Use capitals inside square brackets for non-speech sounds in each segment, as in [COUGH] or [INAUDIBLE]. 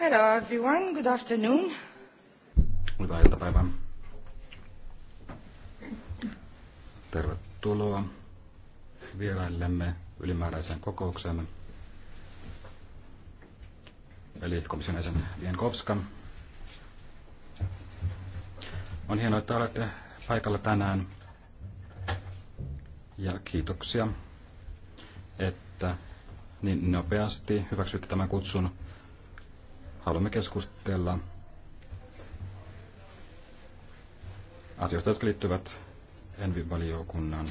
Hello everyone, good afternoon. Hyvää iltapäivää. Tervetuloa vieraillemme ylimääräiseen kokouksemme. Eli komission jäsen Vienkovska. On hienoa, että olette paikalla tänään. Ja kiitoksia, että niin nopeasti hyväksytte tämän kutsun haluamme keskustella asioista, jotka liittyvät Envi-valiokunnan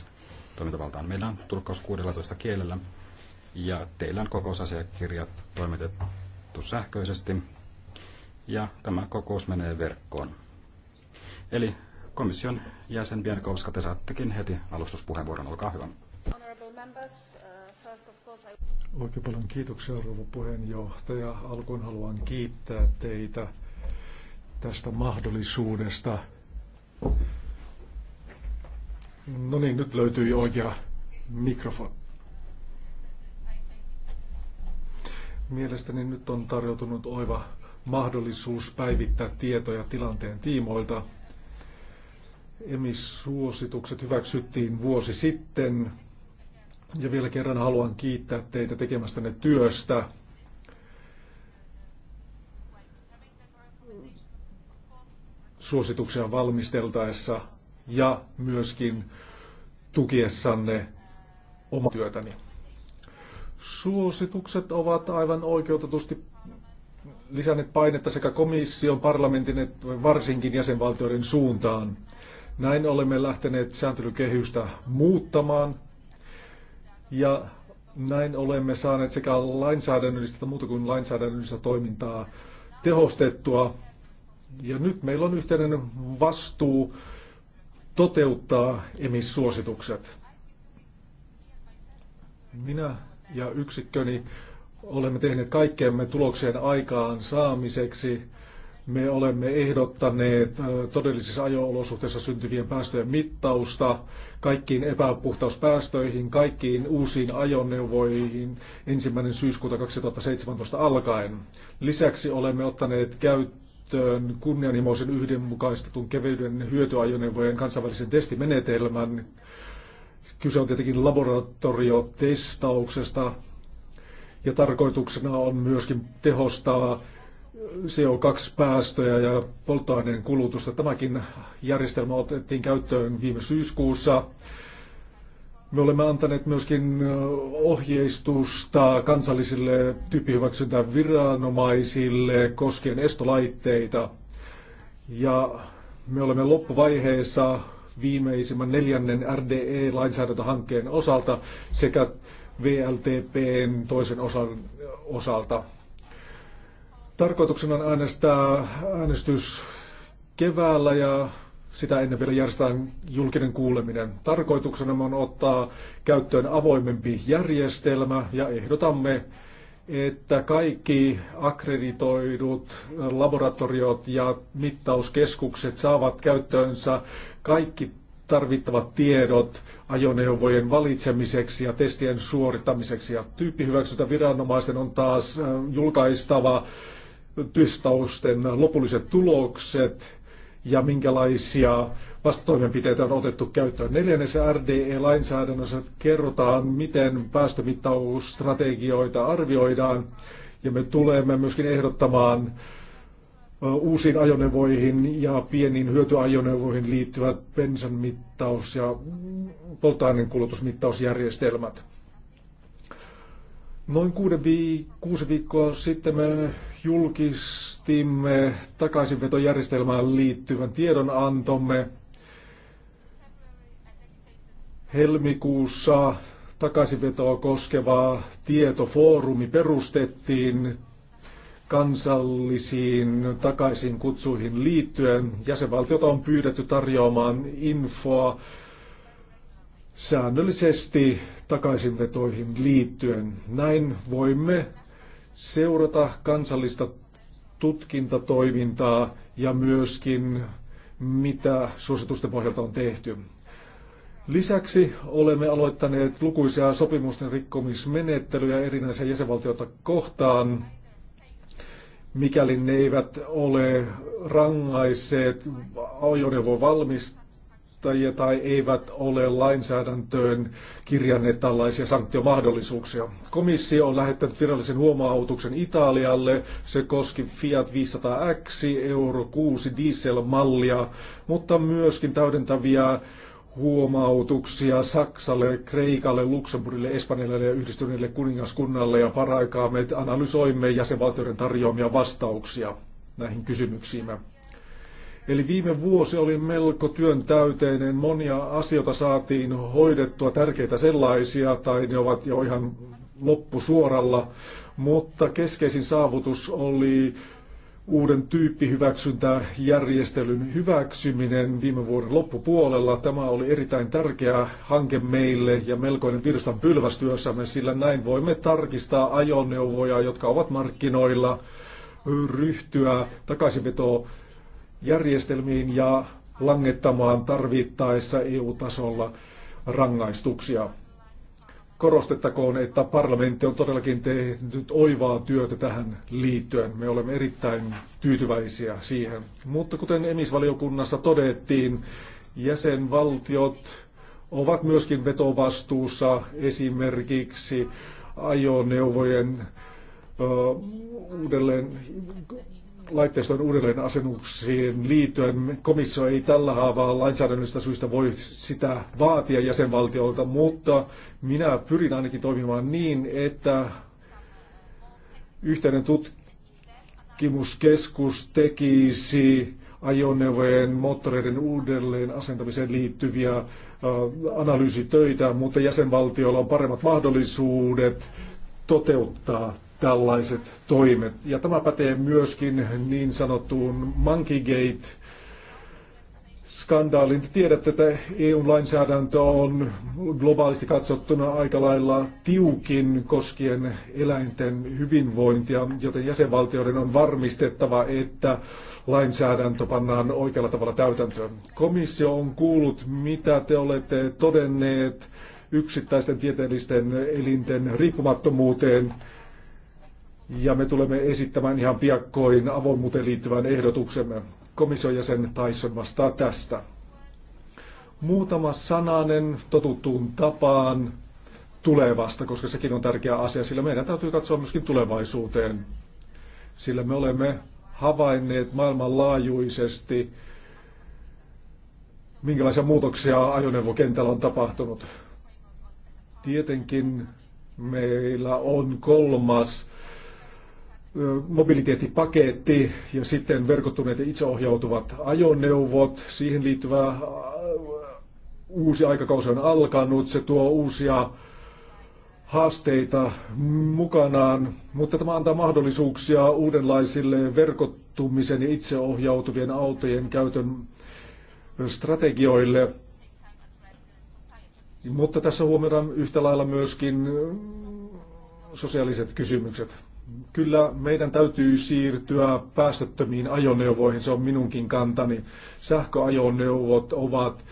toimintavaltaan. Meillä on tulkkaus 16 kielellä ja teillä on kokousasiakirjat toimitettu sähköisesti ja tämä kokous menee verkkoon. Eli komission jäsen Bienkovska, te saattekin heti alustuspuheenvuoron, olkaa hyvä. Oikein paljon kiitoksia, rouva puheenjohtaja. Alkuun haluan kiittää teitä tästä mahdollisuudesta. No niin, nyt löytyy oikea mikrofoni. Mielestäni nyt on tarjoutunut oiva mahdollisuus päivittää tietoja tilanteen tiimoilta. emis hyväksyttiin vuosi sitten ja vielä kerran haluan kiittää teitä tekemästänne työstä. suosituksia valmisteltaessa ja myöskin tukiessanne oma työtäni. Suositukset ovat aivan oikeutetusti lisänneet painetta sekä komission, parlamentin että varsinkin jäsenvaltioiden suuntaan. Näin olemme lähteneet sääntelykehystä muuttamaan ja näin olemme saaneet sekä lainsäädännöllistä että muuta kuin lainsäädännöllistä toimintaa tehostettua. Ja nyt meillä on yhteinen vastuu toteuttaa emissuositukset. Minä ja yksikköni olemme tehneet kaikkeemme tuloksien aikaan saamiseksi me olemme ehdottaneet todellisissa ajo-olosuhteissa syntyvien päästöjen mittausta kaikkiin epäpuhtauspäästöihin, kaikkiin uusiin ajoneuvoihin ensimmäinen syyskuuta 2017 alkaen. Lisäksi olemme ottaneet käyttöön kunnianhimoisen yhdenmukaistetun kevyyden hyötyajoneuvojen kansainvälisen testimenetelmän. Kyse on tietenkin laboratoriotestauksesta, ja tarkoituksena on myöskin tehostaa CO2-päästöjä ja polttoaineen kulutusta. Tämäkin järjestelmä otettiin käyttöön viime syyskuussa. Me olemme antaneet myöskin ohjeistusta kansallisille tyyppihyväksyntäviranomaisille koskien estolaitteita. Ja me olemme loppuvaiheessa viimeisimmän neljännen RDE-lainsäädäntöhankkeen osalta sekä VLTPn toisen osan osalta. Tarkoituksena on äänestää äänestys keväällä ja sitä ennen vielä järjestetään julkinen kuuleminen. Tarkoituksena on ottaa käyttöön avoimempi järjestelmä ja ehdotamme, että kaikki akkreditoidut laboratoriot ja mittauskeskukset saavat käyttöönsä kaikki tarvittavat tiedot ajoneuvojen valitsemiseksi ja testien suorittamiseksi. Ja viranomaisten on taas äh, julkaistava testausten lopulliset tulokset ja minkälaisia vastatoimenpiteitä on otettu käyttöön. Neljännessä RDE-lainsäädännössä kerrotaan, miten päästömittausstrategioita arvioidaan ja me tulemme myöskin ehdottamaan uusiin ajoneuvoihin ja pieniin hyötyajoneuvoihin liittyvät bensan mittaus- ja polttoaineen kulutusmittausjärjestelmät. Noin kuuden vi- kuusi viikkoa sitten me julkistimme takaisinvetojärjestelmään liittyvän tiedonantomme. Helmikuussa takaisinvetoa koskeva tietofoorumi perustettiin kansallisiin takaisin kutsuihin liittyen. Jäsenvaltiota on pyydetty tarjoamaan infoa säännöllisesti takaisinvetoihin liittyen. Näin voimme seurata kansallista tutkintatoimintaa ja myöskin mitä suositusten pohjalta on tehty. Lisäksi olemme aloittaneet lukuisia sopimusten rikkomismenettelyjä erinäisiä jäsenvaltioita kohtaan, mikäli ne eivät ole rangaisseet ajoneuvon valmistajia tai tai eivät ole lainsäädäntöön kirjanneet tällaisia sanktiomahdollisuuksia. Komissio on lähettänyt virallisen huomautuksen Italialle. Se koski Fiat 500X, Euro 6 dieselmallia, mutta myöskin täydentäviä huomautuksia Saksalle, Kreikalle, Luxemburgille, Espanjalle ja yhdistyneille kuningaskunnalle ja paraikaa me analysoimme jäsenvaltioiden tarjoamia vastauksia näihin kysymyksiin. Eli viime vuosi oli melko työn täyteinen. monia asioita saatiin hoidettua, tärkeitä sellaisia, tai ne ovat jo ihan loppusuoralla, mutta keskeisin saavutus oli uuden tyyppihyväksyntäjärjestelyn hyväksyminen viime vuoden loppupuolella. Tämä oli erittäin tärkeä hanke meille ja melkoinen virstan pylvästyössämme, sillä näin voimme tarkistaa ajoneuvoja, jotka ovat markkinoilla, ryhtyä takaisinvetoon järjestelmiin ja langettamaan tarvittaessa EU-tasolla rangaistuksia. Korostettakoon, että parlamentti on todellakin tehnyt oivaa työtä tähän liittyen. Me olemme erittäin tyytyväisiä siihen. Mutta kuten emisvaliokunnassa todettiin, jäsenvaltiot ovat myöskin vetovastuussa esimerkiksi ajoneuvojen ö, uudelleen laitteiston uudelleenasennuksiin liittyen komissio ei tällä haavaa lainsäädännöllistä syistä voi sitä vaatia jäsenvaltioilta, mutta minä pyrin ainakin toimimaan niin, että yhteinen tutkimuskeskus tekisi ajoneuvojen moottoreiden uudelleen asentamiseen liittyviä äh, analyysitöitä, mutta jäsenvaltioilla on paremmat mahdollisuudet toteuttaa tällaiset toimet. Ja tämä pätee myöskin niin sanottuun Monkeygate skandaalin. Te tiedätte, että EU-lainsäädäntö on globaalisti katsottuna aika lailla tiukin koskien eläinten hyvinvointia, joten jäsenvaltioiden on varmistettava, että lainsäädäntö pannaan oikealla tavalla täytäntöön. Komissio on kuullut, mitä te olette todenneet yksittäisten tieteellisten elinten riippumattomuuteen ja me tulemme esittämään ihan piakkoin avoimuuteen liittyvän ehdotuksemme. Komission jäsen Tyson vastaa tästä. Muutama sananen totuttuun tapaan tulevasta, koska sekin on tärkeä asia, sillä meidän täytyy katsoa myöskin tulevaisuuteen. Sillä me olemme havainneet maailmanlaajuisesti, minkälaisia muutoksia ajoneuvokentällä on tapahtunut. Tietenkin meillä on kolmas mobiliteettipaketti ja sitten verkottuneet ja itseohjautuvat ajoneuvot. Siihen liittyvä äh, uusi aikakausi on alkanut. Se tuo uusia haasteita mukanaan, mutta tämä antaa mahdollisuuksia uudenlaisille verkottumisen ja itseohjautuvien autojen käytön strategioille. Mutta tässä huomioidaan yhtä lailla myöskin sosiaaliset kysymykset. Kyllä meidän täytyy siirtyä päästöttömiin ajoneuvoihin, se on minunkin kantani. Sähköajoneuvot ovat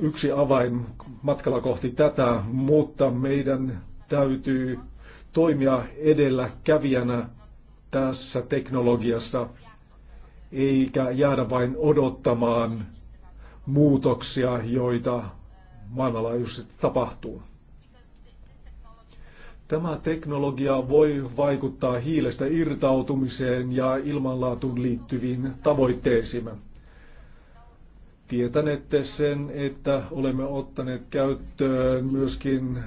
yksi avain matkalla kohti tätä, mutta meidän täytyy toimia edellä kävijänä tässä teknologiassa, eikä jäädä vain odottamaan muutoksia, joita maailmanlaajuisesti tapahtuu. Tämä teknologia voi vaikuttaa hiilestä irtautumiseen ja ilmanlaatuun liittyviin tavoitteisiimme. Tietänette sen, että olemme ottaneet käyttöön myöskin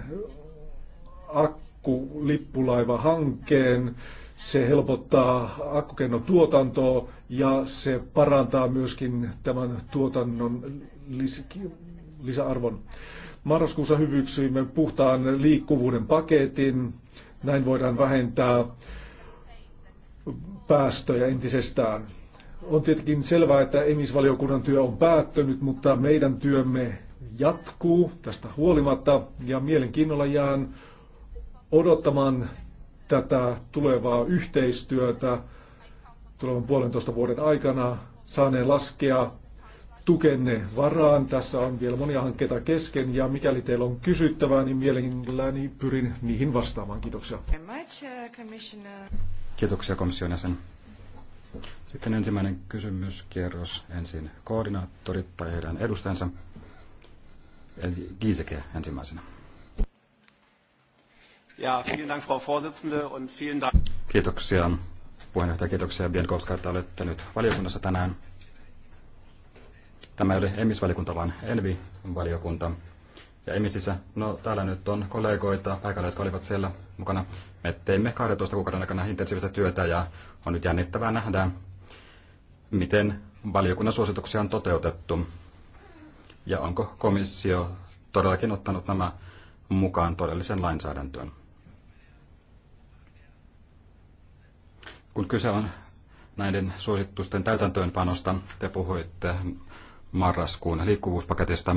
akkulippulaivahankkeen. hankkeen Se helpottaa tuotantoa ja se parantaa myöskin tämän tuotannon lisäarvon. Marraskuussa hyväksyimme puhtaan liikkuvuuden paketin. Näin voidaan vähentää päästöjä entisestään. On tietenkin selvää, että emisvaliokunnan työ on päättynyt, mutta meidän työmme jatkuu tästä huolimatta ja mielenkiinnolla jään odottamaan tätä tulevaa yhteistyötä tulevan puolentoista vuoden aikana saaneen laskea tukenne varaan. Tässä on vielä monia hankkeita kesken ja mikäli teillä on kysyttävää, niin mielelläni pyrin niihin vastaamaan. Kiitoksia. Kiitoksia komission jäsen. Sitten ensimmäinen kysymyskierros ensin koordinaattorit tai heidän edustajansa. Eli Giseke ensimmäisenä. Ja, vielen Dank, Frau Vorsitzende, und vielen Dank. Kiitoksia puheenjohtaja, kiitoksia Bienkowska, että olette nyt valiokunnassa tänään. Tämä ei ole emisvaliokunta, vaan Envi-valiokunta. Ja emisissä, no täällä nyt on kollegoita paikalla, jotka olivat siellä mukana. Me teimme 12 kuukauden aikana intensiivistä työtä ja on nyt jännittävää nähdä, miten valiokunnan suosituksia on toteutettu. Ja onko komissio todellakin ottanut nämä mukaan todellisen lainsäädäntöön. Kun kyse on näiden suositusten täytäntöönpanosta, te puhuitte marraskuun liikkuvuuspaketista.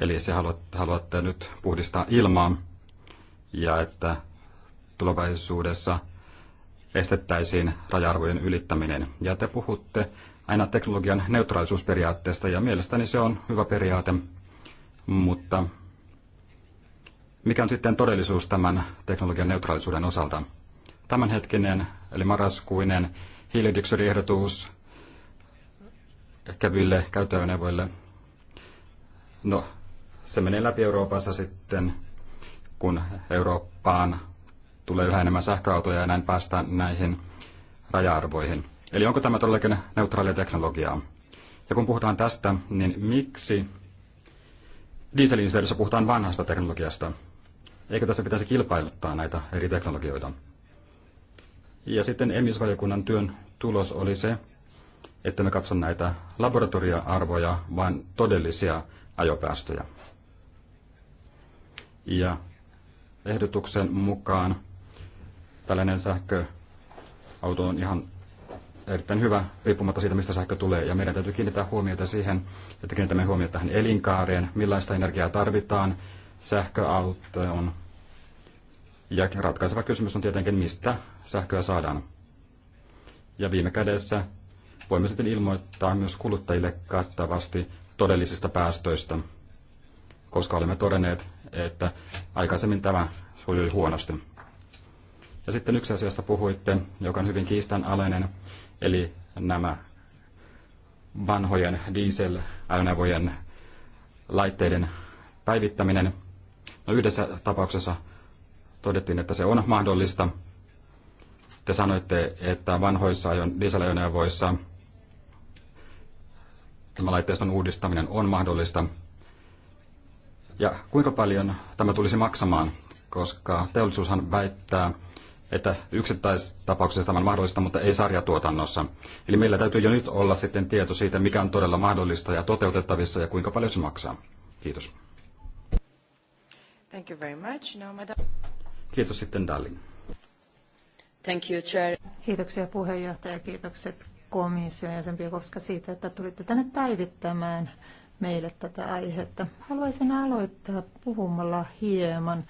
Eli se haluatte nyt puhdistaa ilmaa ja että tulevaisuudessa estettäisiin raja-arvojen ylittäminen. Ja te puhutte aina teknologian neutraalisuusperiaatteesta ja mielestäni se on hyvä periaate, mutta mikä on sitten todellisuus tämän teknologian neutraalisuuden osalta? Tämänhetkinen eli marraskuinen hiilidioksidiehdotus kevyille käyttöajoneuvoille. No, se menee läpi Euroopassa sitten, kun Eurooppaan tulee yhä enemmän sähköautoja ja näin päästään näihin raja-arvoihin. Eli onko tämä todellakin neutraalia teknologiaa? Ja kun puhutaan tästä, niin miksi dieselin puhutaan vanhasta teknologiasta? Eikö tässä pitäisi kilpailuttaa näitä eri teknologioita? Ja sitten emisvaliokunnan työn tulos oli se, että me katso näitä laboratoria-arvoja, vaan todellisia ajopäästöjä. Ja ehdotuksen mukaan tällainen sähköauto on ihan erittäin hyvä, riippumatta siitä, mistä sähkö tulee. Ja meidän täytyy kiinnittää huomiota siihen, että kiinnitämme huomiota tähän elinkaareen, millaista energiaa tarvitaan sähköautoon. Ja ratkaiseva kysymys on tietenkin, mistä sähköä saadaan. Ja viime kädessä voimme sitten ilmoittaa myös kuluttajille kattavasti todellisista päästöistä, koska olemme todenneet, että aikaisemmin tämä sujui huonosti. Ja sitten yksi asia, josta puhuitte, joka on hyvin kiistanalainen, eli nämä vanhojen diesel-ajoneuvojen laitteiden päivittäminen. No yhdessä tapauksessa todettiin, että se on mahdollista. Te sanoitte, että vanhoissa diesel-ajoneuvoissa tämä laitteiston uudistaminen on mahdollista. Ja kuinka paljon tämä tulisi maksamaan, koska teollisuushan väittää, että yksittäistapauksessa tämä on mahdollista, mutta ei sarjatuotannossa. Eli meillä täytyy jo nyt olla sitten tieto siitä, mikä on todella mahdollista ja toteutettavissa ja kuinka paljon se maksaa. Kiitos. Thank you very much. No, Kiitos sitten Dallin. Thank you, Chair. Kiitoksia puheenjohtaja, kiitokset ja sen Piokovska siitä, että tulitte tänne päivittämään meille tätä aihetta. Haluaisin aloittaa puhumalla hieman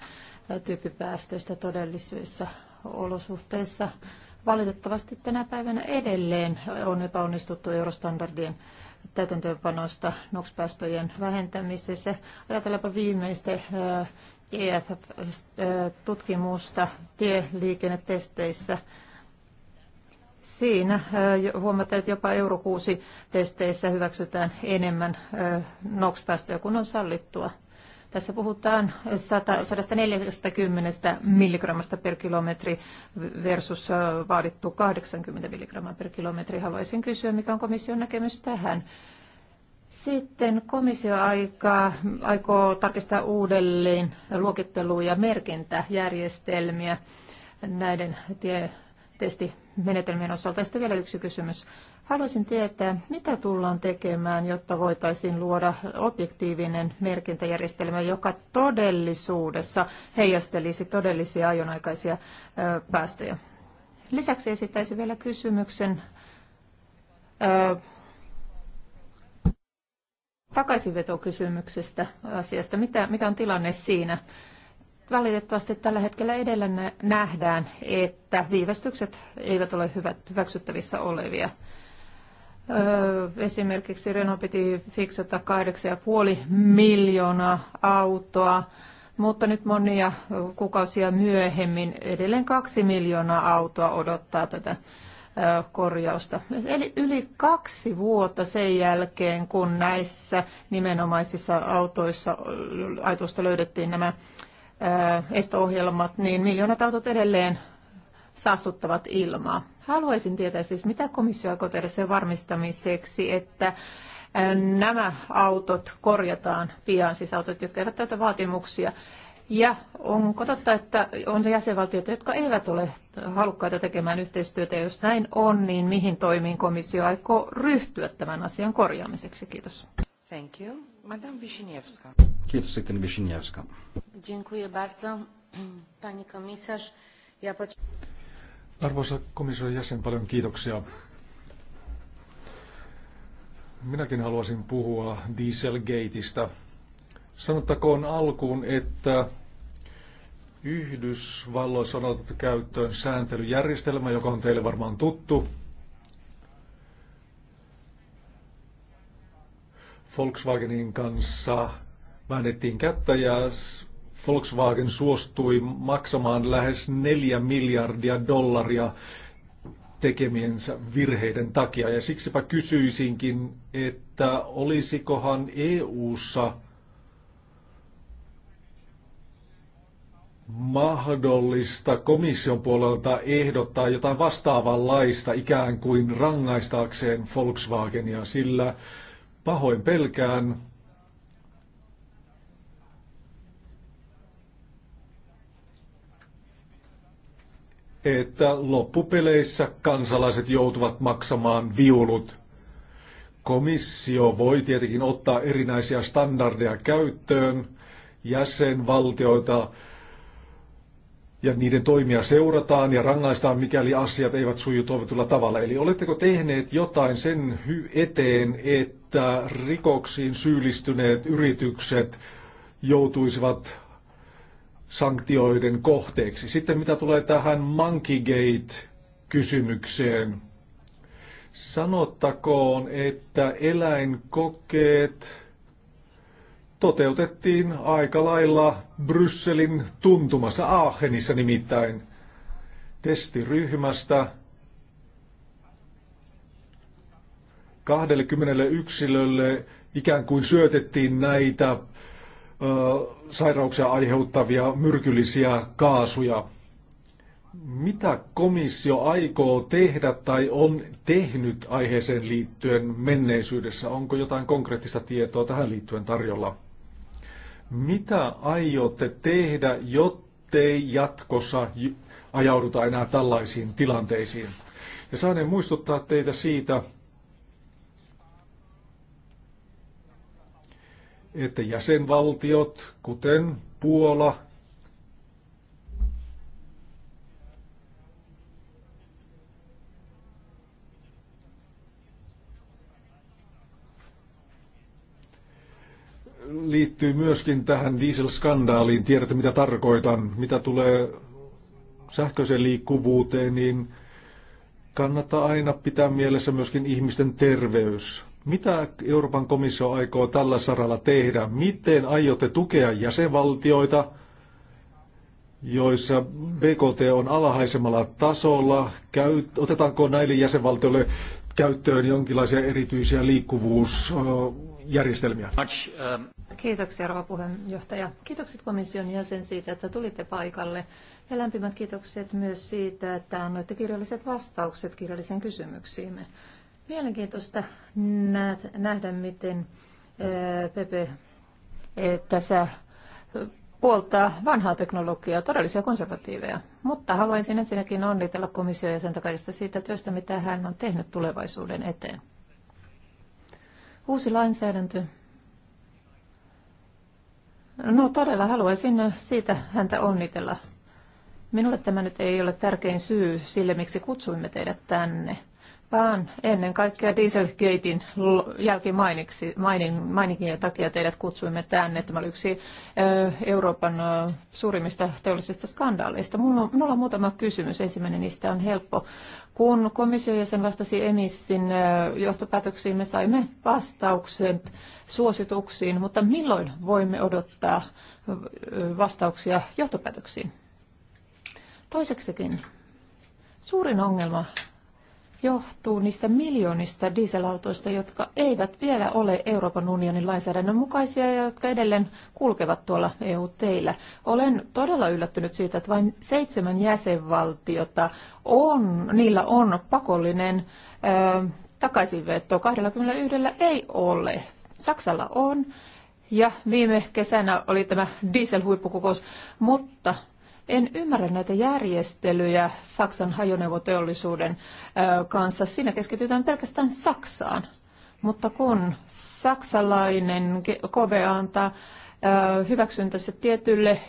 tyyppipäästöistä todellisissa olosuhteissa. Valitettavasti tänä päivänä edelleen on epäonnistuttu eurostandardien täytäntöönpanosta NOx-päästöjen vähentämisessä. Ajatellaanpa viimeistä äh, EF-tutkimusta äh, tieliikennetesteissä Siinä huomataan, että jopa Euro 6-testeissä hyväksytään enemmän NOx-päästöjä kuin on sallittua. Tässä puhutaan 100, 140 milligrammasta per kilometri versus vaadittu 80 milligrammaa per kilometri. Haluaisin kysyä, mikä on komission näkemys tähän. Sitten komissio aikaa, aikoo tarkistaa uudelleen luokittelu- ja merkintäjärjestelmiä näiden tie, testi menetelmien osalta. sitten vielä yksi kysymys. Haluaisin tietää, mitä tullaan tekemään, jotta voitaisiin luoda objektiivinen merkintäjärjestelmä, joka todellisuudessa heijastelisi todellisia ajonaikaisia päästöjä. Lisäksi esittäisin vielä kysymyksen takaisinvetokysymyksestä asiasta. Mitä, mikä on tilanne siinä? Valitettavasti tällä hetkellä edellä nähdään, että viivästykset eivät ole hyväksyttävissä olevia. Öö, esimerkiksi Renault piti fiksata 8,5 miljoonaa autoa, mutta nyt monia kuukausia myöhemmin edelleen 2 miljoonaa autoa odottaa tätä korjausta. Eli yli kaksi vuotta sen jälkeen, kun näissä nimenomaisissa autoissa, autoista löydettiin nämä Estoohjelmat niin miljoonat autot edelleen saastuttavat ilmaa. Haluaisin tietää siis, mitä komissio aikoo tehdä sen varmistamiseksi, että nämä autot korjataan pian, siis autot, jotka eivät täytä vaatimuksia. Ja onko totta, että on se jäsenvaltioita, jotka eivät ole halukkaita tekemään yhteistyötä, jos näin on, niin mihin toimiin komissio aikoo ryhtyä tämän asian korjaamiseksi? Kiitos. Thank you. Madame Wiśniewska. Wiśniewska. Dziękuję bardzo, [CLEARS THROAT] pani komisarz. Ja Arvoisa komission jäsen, paljon kiitoksia. Minäkin haluaisin puhua Dieselgateista. Sanottakoon alkuun, että Yhdysvalloissa on otettu käyttöön sääntelyjärjestelmä, joka on teille varmaan tuttu. Volkswagenin kanssa väännettiin kättä ja Volkswagen suostui maksamaan lähes 4 miljardia dollaria tekemiensä virheiden takia. Ja siksipä kysyisinkin, että olisikohan EU-ssa mahdollista komission puolelta ehdottaa jotain vastaavanlaista ikään kuin rangaistaakseen Volkswagenia, sillä Pahoin pelkään, että loppupeleissä kansalaiset joutuvat maksamaan viulut. Komissio voi tietenkin ottaa erinäisiä standardeja käyttöön, jäsenvaltioita ja niiden toimia seurataan ja rangaistaan, mikäli asiat eivät suju toivotulla tavalla. Eli oletteko tehneet jotain sen eteen, että että rikoksiin syyllistyneet yritykset joutuisivat sanktioiden kohteeksi. Sitten mitä tulee tähän Monkeygate-kysymykseen, sanottakoon, että eläinkokeet toteutettiin aika lailla Brysselin tuntumassa Aachenissa nimittäin testiryhmästä 20 yksilölle ikään kuin syötettiin näitä ö, sairauksia aiheuttavia myrkyllisiä kaasuja. Mitä komissio aikoo tehdä tai on tehnyt aiheeseen liittyen menneisyydessä? Onko jotain konkreettista tietoa tähän liittyen tarjolla? Mitä aiotte tehdä, jottei jatkossa ajauduta enää tällaisiin tilanteisiin? Ja saaneen muistuttaa teitä siitä, että jäsenvaltiot, kuten Puola, liittyy myöskin tähän dieselskandaaliin. Tiedätte, mitä tarkoitan. Mitä tulee sähköiseen liikkuvuuteen, niin kannattaa aina pitää mielessä myöskin ihmisten terveys. Mitä Euroopan komissio aikoo tällä saralla tehdä? Miten aiotte tukea jäsenvaltioita, joissa BKT on alhaisemmalla tasolla? otetaanko näille jäsenvaltioille käyttöön jonkinlaisia erityisiä liikkuvuusjärjestelmiä? Kiitoksia, rouva puheenjohtaja. Kiitokset komission jäsen siitä, että tulitte paikalle. Ja lämpimät kiitokset myös siitä, että annoitte kirjalliset vastaukset kirjallisiin kysymyksiimme. Mielenkiintoista nähdä, miten Pepe tässä puoltaa vanhaa teknologiaa, todellisia konservatiiveja. Mutta haluaisin ensinnäkin onnitella komission ja sen takaisesta siitä työstä, mitä hän on tehnyt tulevaisuuden eteen. Uusi lainsäädäntö. No todella haluaisin siitä häntä onnitella. Minulle tämä nyt ei ole tärkein syy sille, miksi kutsuimme teidät tänne vaan ennen kaikkea Dieselgatein jälkimainikin takia teidät kutsuimme tänne. Tämä oli yksi Euroopan suurimmista teollisista skandaaleista. Minulla on muutama kysymys. Ensimmäinen niistä on helppo. Kun komission jäsen vastasi emissin johtopäätöksiin, me saimme vastauksen suosituksiin, mutta milloin voimme odottaa vastauksia johtopäätöksiin? Toiseksikin, suurin ongelma johtuu niistä miljoonista dieselautoista, jotka eivät vielä ole Euroopan unionin lainsäädännön mukaisia ja jotka edelleen kulkevat tuolla EU-teillä. Olen todella yllättynyt siitä, että vain seitsemän jäsenvaltiota on, niillä on pakollinen ö, takaisinveto. 21 ei ole. Saksalla on. Ja viime kesänä oli tämä dieselhuippukokous, mutta en ymmärrä näitä järjestelyjä Saksan hajoneuvoteollisuuden kanssa. Siinä keskitytään pelkästään Saksaan. Mutta kun saksalainen KV antaa hyväksyntänsä tietylle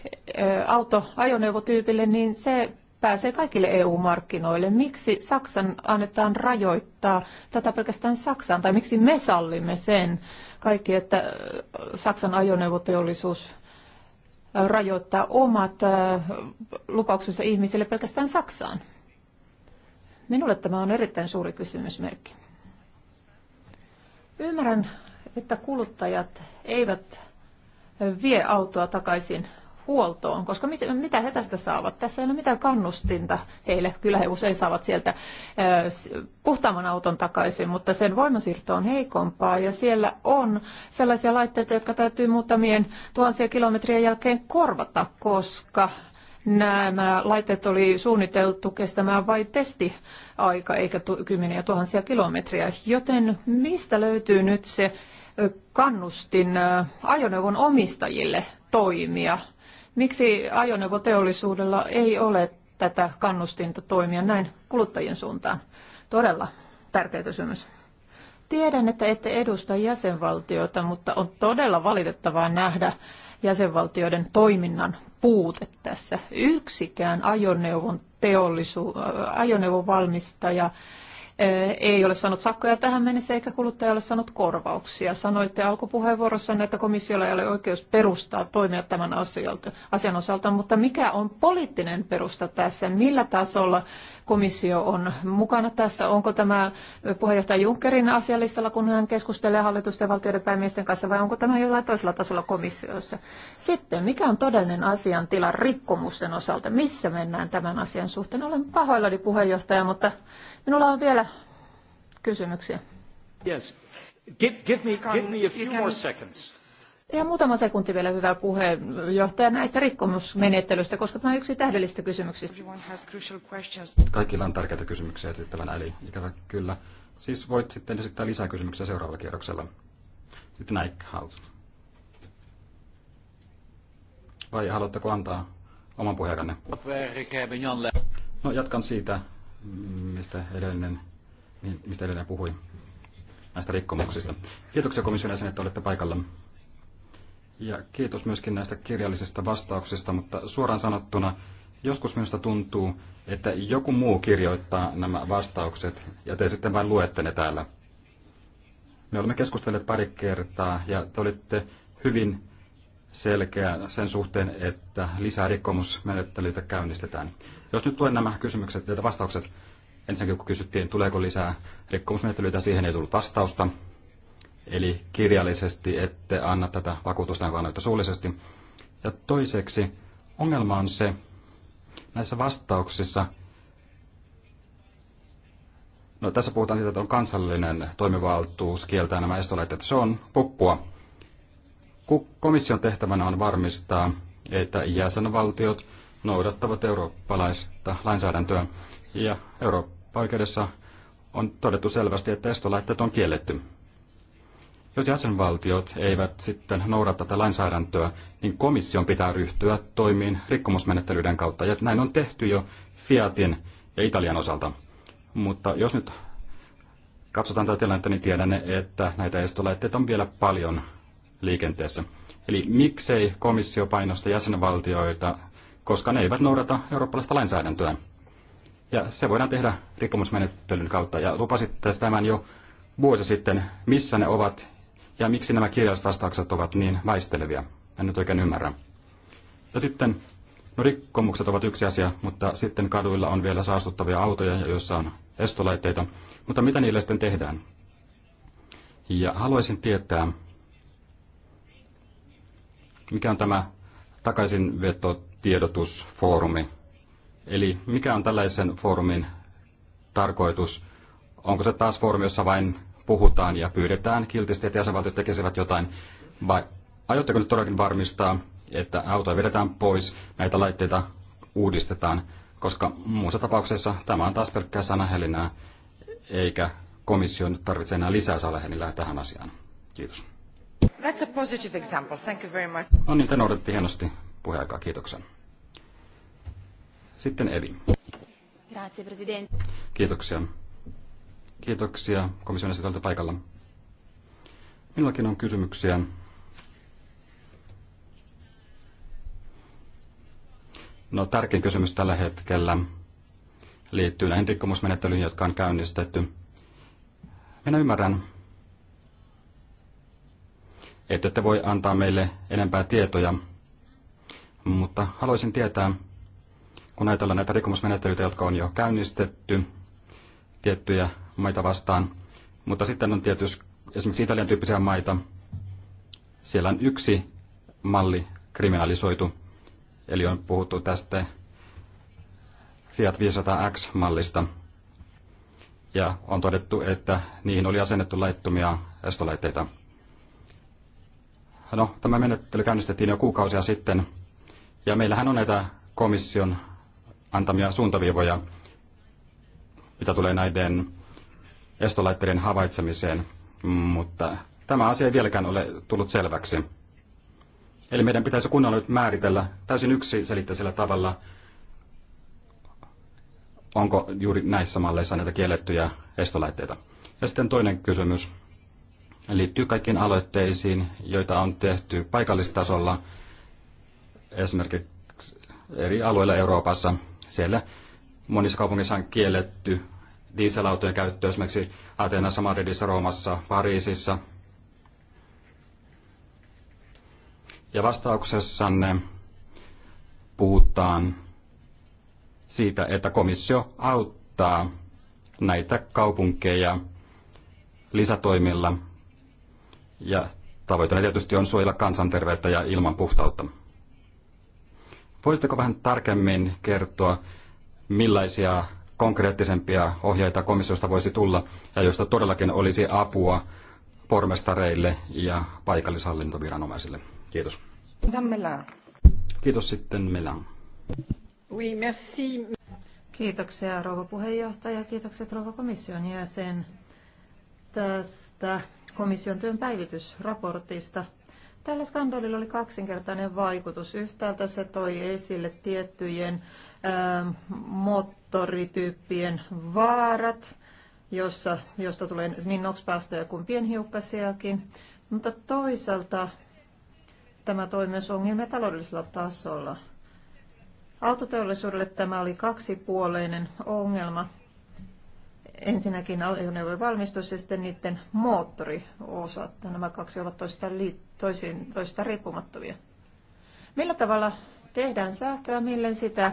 autoajoneuvotyypille, niin se pääsee kaikille EU-markkinoille. Miksi Saksan annetaan rajoittaa tätä pelkästään Saksaan, tai miksi me sallimme sen kaikki, että Saksan ajoneuvoteollisuus rajoittaa omat lupauksensa ihmisille pelkästään Saksaan? Minulle tämä on erittäin suuri kysymysmerkki. Ymmärrän, että kuluttajat eivät vie autoa takaisin huoltoon, koska mit, mitä he tästä saavat? Tässä ei ole mitään kannustinta heille. Kyllä he usein saavat sieltä äh, puhtaamman auton takaisin, mutta sen voimasiirto on heikompaa ja siellä on sellaisia laitteita, jotka täytyy muutamien tuhansia kilometrien jälkeen korvata, koska nämä laitteet oli suunniteltu kestämään vain testiaika eikä tu- kymmeniä tuhansia kilometriä. Joten mistä löytyy nyt se kannustin ajoneuvon omistajille toimia? Miksi ajoneuvoteollisuudella ei ole tätä kannustinta toimia näin kuluttajien suuntaan? Todella tärkeä kysymys. Tiedän, että ette edusta jäsenvaltiota, mutta on todella valitettavaa nähdä jäsenvaltioiden toiminnan puute tässä. Yksikään ajoneuvon teollisu- ajoneuvon valmistaja Eh, ei ole saanut sakkoja tähän mennessä eikä kuluttaja ole saanut korvauksia. Sanoitte alkupuheenvuorossa, että komissiolla ei ole oikeus perustaa toimia tämän asian osalta, mutta mikä on poliittinen perusta tässä? Millä tasolla komissio on mukana tässä? Onko tämä puheenjohtaja Junckerin asialistalla, kun hän keskustelee hallitusten ja valtioiden päämiesten kanssa, vai onko tämä jollain toisella tasolla komissiossa? Sitten, mikä on todellinen asiantila rikkomusten osalta? Missä mennään tämän asian suhteen? Olen pahoillani puheenjohtaja, mutta Minulla on vielä kysymyksiä. Yes. Give, give, me, give me a few more seconds. Ja muutama sekunti vielä hyvä puheenjohtaja näistä rikkomusmenettelyistä, koska tämä on yksi tähdellistä kysymyksistä. Kaikilla on tärkeitä kysymyksiä esittävänä, eli ikävä kyllä. Siis voit sitten esittää lisää kysymyksiä seuraavalla kierroksella. Sitten haut. Vai haluatteko antaa oman puheenjohtajanne? Eh, no jatkan siitä, mistä edellinen, niin mistä edellinen puhui näistä rikkomuksista. Kiitoksia komission jäsenet, että olette paikalla. Ja kiitos myöskin näistä kirjallisista vastauksista, mutta suoraan sanottuna joskus minusta tuntuu, että joku muu kirjoittaa nämä vastaukset ja te sitten vain luette ne täällä. Me olemme keskustelleet pari kertaa ja te olitte hyvin selkeä sen suhteen, että lisää rikkomusmenettelyitä käynnistetään. Jos nyt luen nämä kysymykset ja vastaukset, ensinnäkin kun kysyttiin, tuleeko lisää rikkomusmenettelyitä, siihen ei tullut vastausta. Eli kirjallisesti ette anna tätä vakuutusta, vaan annoitte suullisesti. Ja toiseksi ongelma on se, näissä vastauksissa, no tässä puhutaan siitä, että on kansallinen toimivaltuus kieltää nämä estolaitteet. Se on puppua Komission tehtävänä on varmistaa, että jäsenvaltiot noudattavat eurooppalaista lainsäädäntöä ja Eurooppa-oikeudessa on todettu selvästi, että estolaitteet on kielletty. Jos jäsenvaltiot eivät sitten noudata tätä lainsäädäntöä, niin komission pitää ryhtyä toimiin rikkomusmenettelyiden kautta. Ja näin on tehty jo Fiatin ja Italian osalta. Mutta jos nyt katsotaan tätä tilannetta, niin tiedän, että näitä estolaitteita on vielä paljon liikenteessä. Eli miksei komissio painosta jäsenvaltioita, koska ne eivät noudata eurooppalaista lainsäädäntöä. Ja se voidaan tehdä rikkomusmenettelyn kautta. Ja lupasitte tämän jo vuosi sitten, missä ne ovat ja miksi nämä kirjalliset vastaukset ovat niin väisteleviä. En nyt oikein ymmärrä. Ja sitten, no rikkomukset ovat yksi asia, mutta sitten kaduilla on vielä saastuttavia autoja, joissa on estolaitteita. Mutta mitä niille sitten tehdään? Ja haluaisin tietää, mikä on tämä takaisinvetotiedotusfoorumi? Eli mikä on tällaisen foorumin tarkoitus? Onko se taas foorumi, jossa vain puhutaan ja pyydetään kiltisti, että jäsenvaltiot tekisivät jotain, vai aiotteko nyt todellakin varmistaa, että autoja vedetään pois, näitä laitteita uudistetaan, koska muussa tapauksessa tämä on taas pelkkää sanahelinää, eikä komission tarvitse enää lisää sanahelinää tähän asiaan. Kiitos. That's a positive example. Thank you very much. No niin, te noudatti hienosti puheaikaa. Kiitoksia. Sitten Evi. Grazie, Presidente. Kiitoksia. Kiitoksia komission esitolta paikalla. Minullakin on kysymyksiä. No, tärkein kysymys tällä hetkellä liittyy näihin rikkomusmenettelyihin, jotka on käynnistetty. Minä ymmärrän, että ette voi antaa meille enempää tietoja, mutta haluaisin tietää, kun ajatellaan näitä rikkomusmenettelyitä, jotka on jo käynnistetty tiettyjä maita vastaan, mutta sitten on tietysti esimerkiksi Italian tyyppisiä maita, siellä on yksi malli kriminalisoitu, eli on puhuttu tästä Fiat 500X-mallista, ja on todettu, että niihin oli asennettu laittomia estolaitteita. No, tämä menettely käynnistettiin jo kuukausia sitten, ja meillähän on näitä komission antamia suuntaviivoja, mitä tulee näiden estolaitteiden havaitsemiseen, mutta tämä asia ei vieläkään ole tullut selväksi. Eli meidän pitäisi kunnolla nyt määritellä täysin yksiselitteisellä tavalla, onko juuri näissä malleissa näitä kiellettyjä estolaitteita. Ja sitten toinen kysymys liittyy kaikkiin aloitteisiin, joita on tehty paikallistasolla, esimerkiksi eri alueilla Euroopassa. Siellä monissa kaupungeissa on kielletty dieselautojen käyttö esimerkiksi Atenassa, Madridissa, Roomassa, Pariisissa. Ja vastauksessanne puhutaan siitä, että komissio auttaa näitä kaupunkeja lisätoimilla – ja tavoitteena tietysti on suojella kansanterveyttä ja ilman puhtautta. Voisitteko vähän tarkemmin kertoa, millaisia konkreettisempia ohjeita komissiosta voisi tulla ja josta todellakin olisi apua pormestareille ja paikallishallintoviranomaisille? Kiitos. Kiitos sitten Melan. Oui, merci. Kiitoksia rouva puheenjohtaja, kiitokset rouva komission jäsen tästä komission työn päivitysraportista. Tällä skandaalilla oli kaksinkertainen vaikutus. Yhtäältä se toi esille tiettyjen ää, ähm, moottorityyppien vaarat, jossa, josta tulee niin NOx-päästöjä kuin pienhiukkasiakin, mutta toisaalta tämä toi myös ongelmia taloudellisella tasolla. Autoteollisuudelle tämä oli kaksipuoleinen ongelma ensinnäkin ajoneuvojen valmistus ja sitten niiden moottoriosat. Nämä kaksi ovat toistaan, toisiin, toista riippumattomia. Millä tavalla tehdään sähköä, millä sitä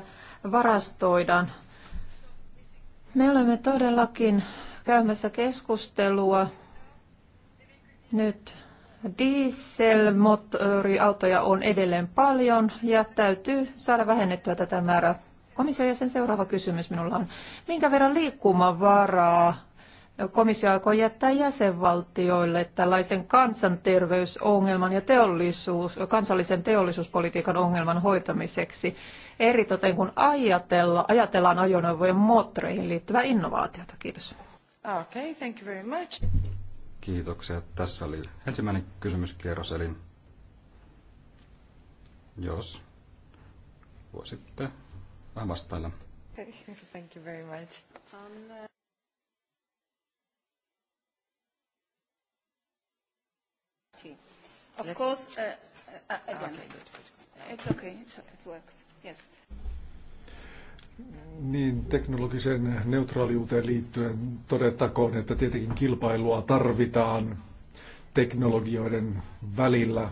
varastoidaan? Me olemme todellakin käymässä keskustelua nyt Dieselmoottoriautoja on edelleen paljon ja täytyy saada vähennettyä tätä määrää Komission jäsen seuraava kysymys minulla on. Minkä verran liikkumavaraa komissio alkoi jättää jäsenvaltioille tällaisen kansanterveysongelman ja teollisuus, kansallisen teollisuuspolitiikan ongelman hoitamiseksi, eritoten kun ajatella, ajatellaan ajoneuvojen moottoreihin liittyvää innovaatiota. Kiitos. Okay, thank you very much. Kiitoksia. Tässä oli ensimmäinen kysymyskierros, eli jos voisitte vastailla. Thank you very much. Of course, uh, uh, uh, again. It's okay, it works. Yes. Niin, teknologiseen neutraaliuteen liittyen todettakoon, että tietenkin kilpailua tarvitaan teknologioiden välillä,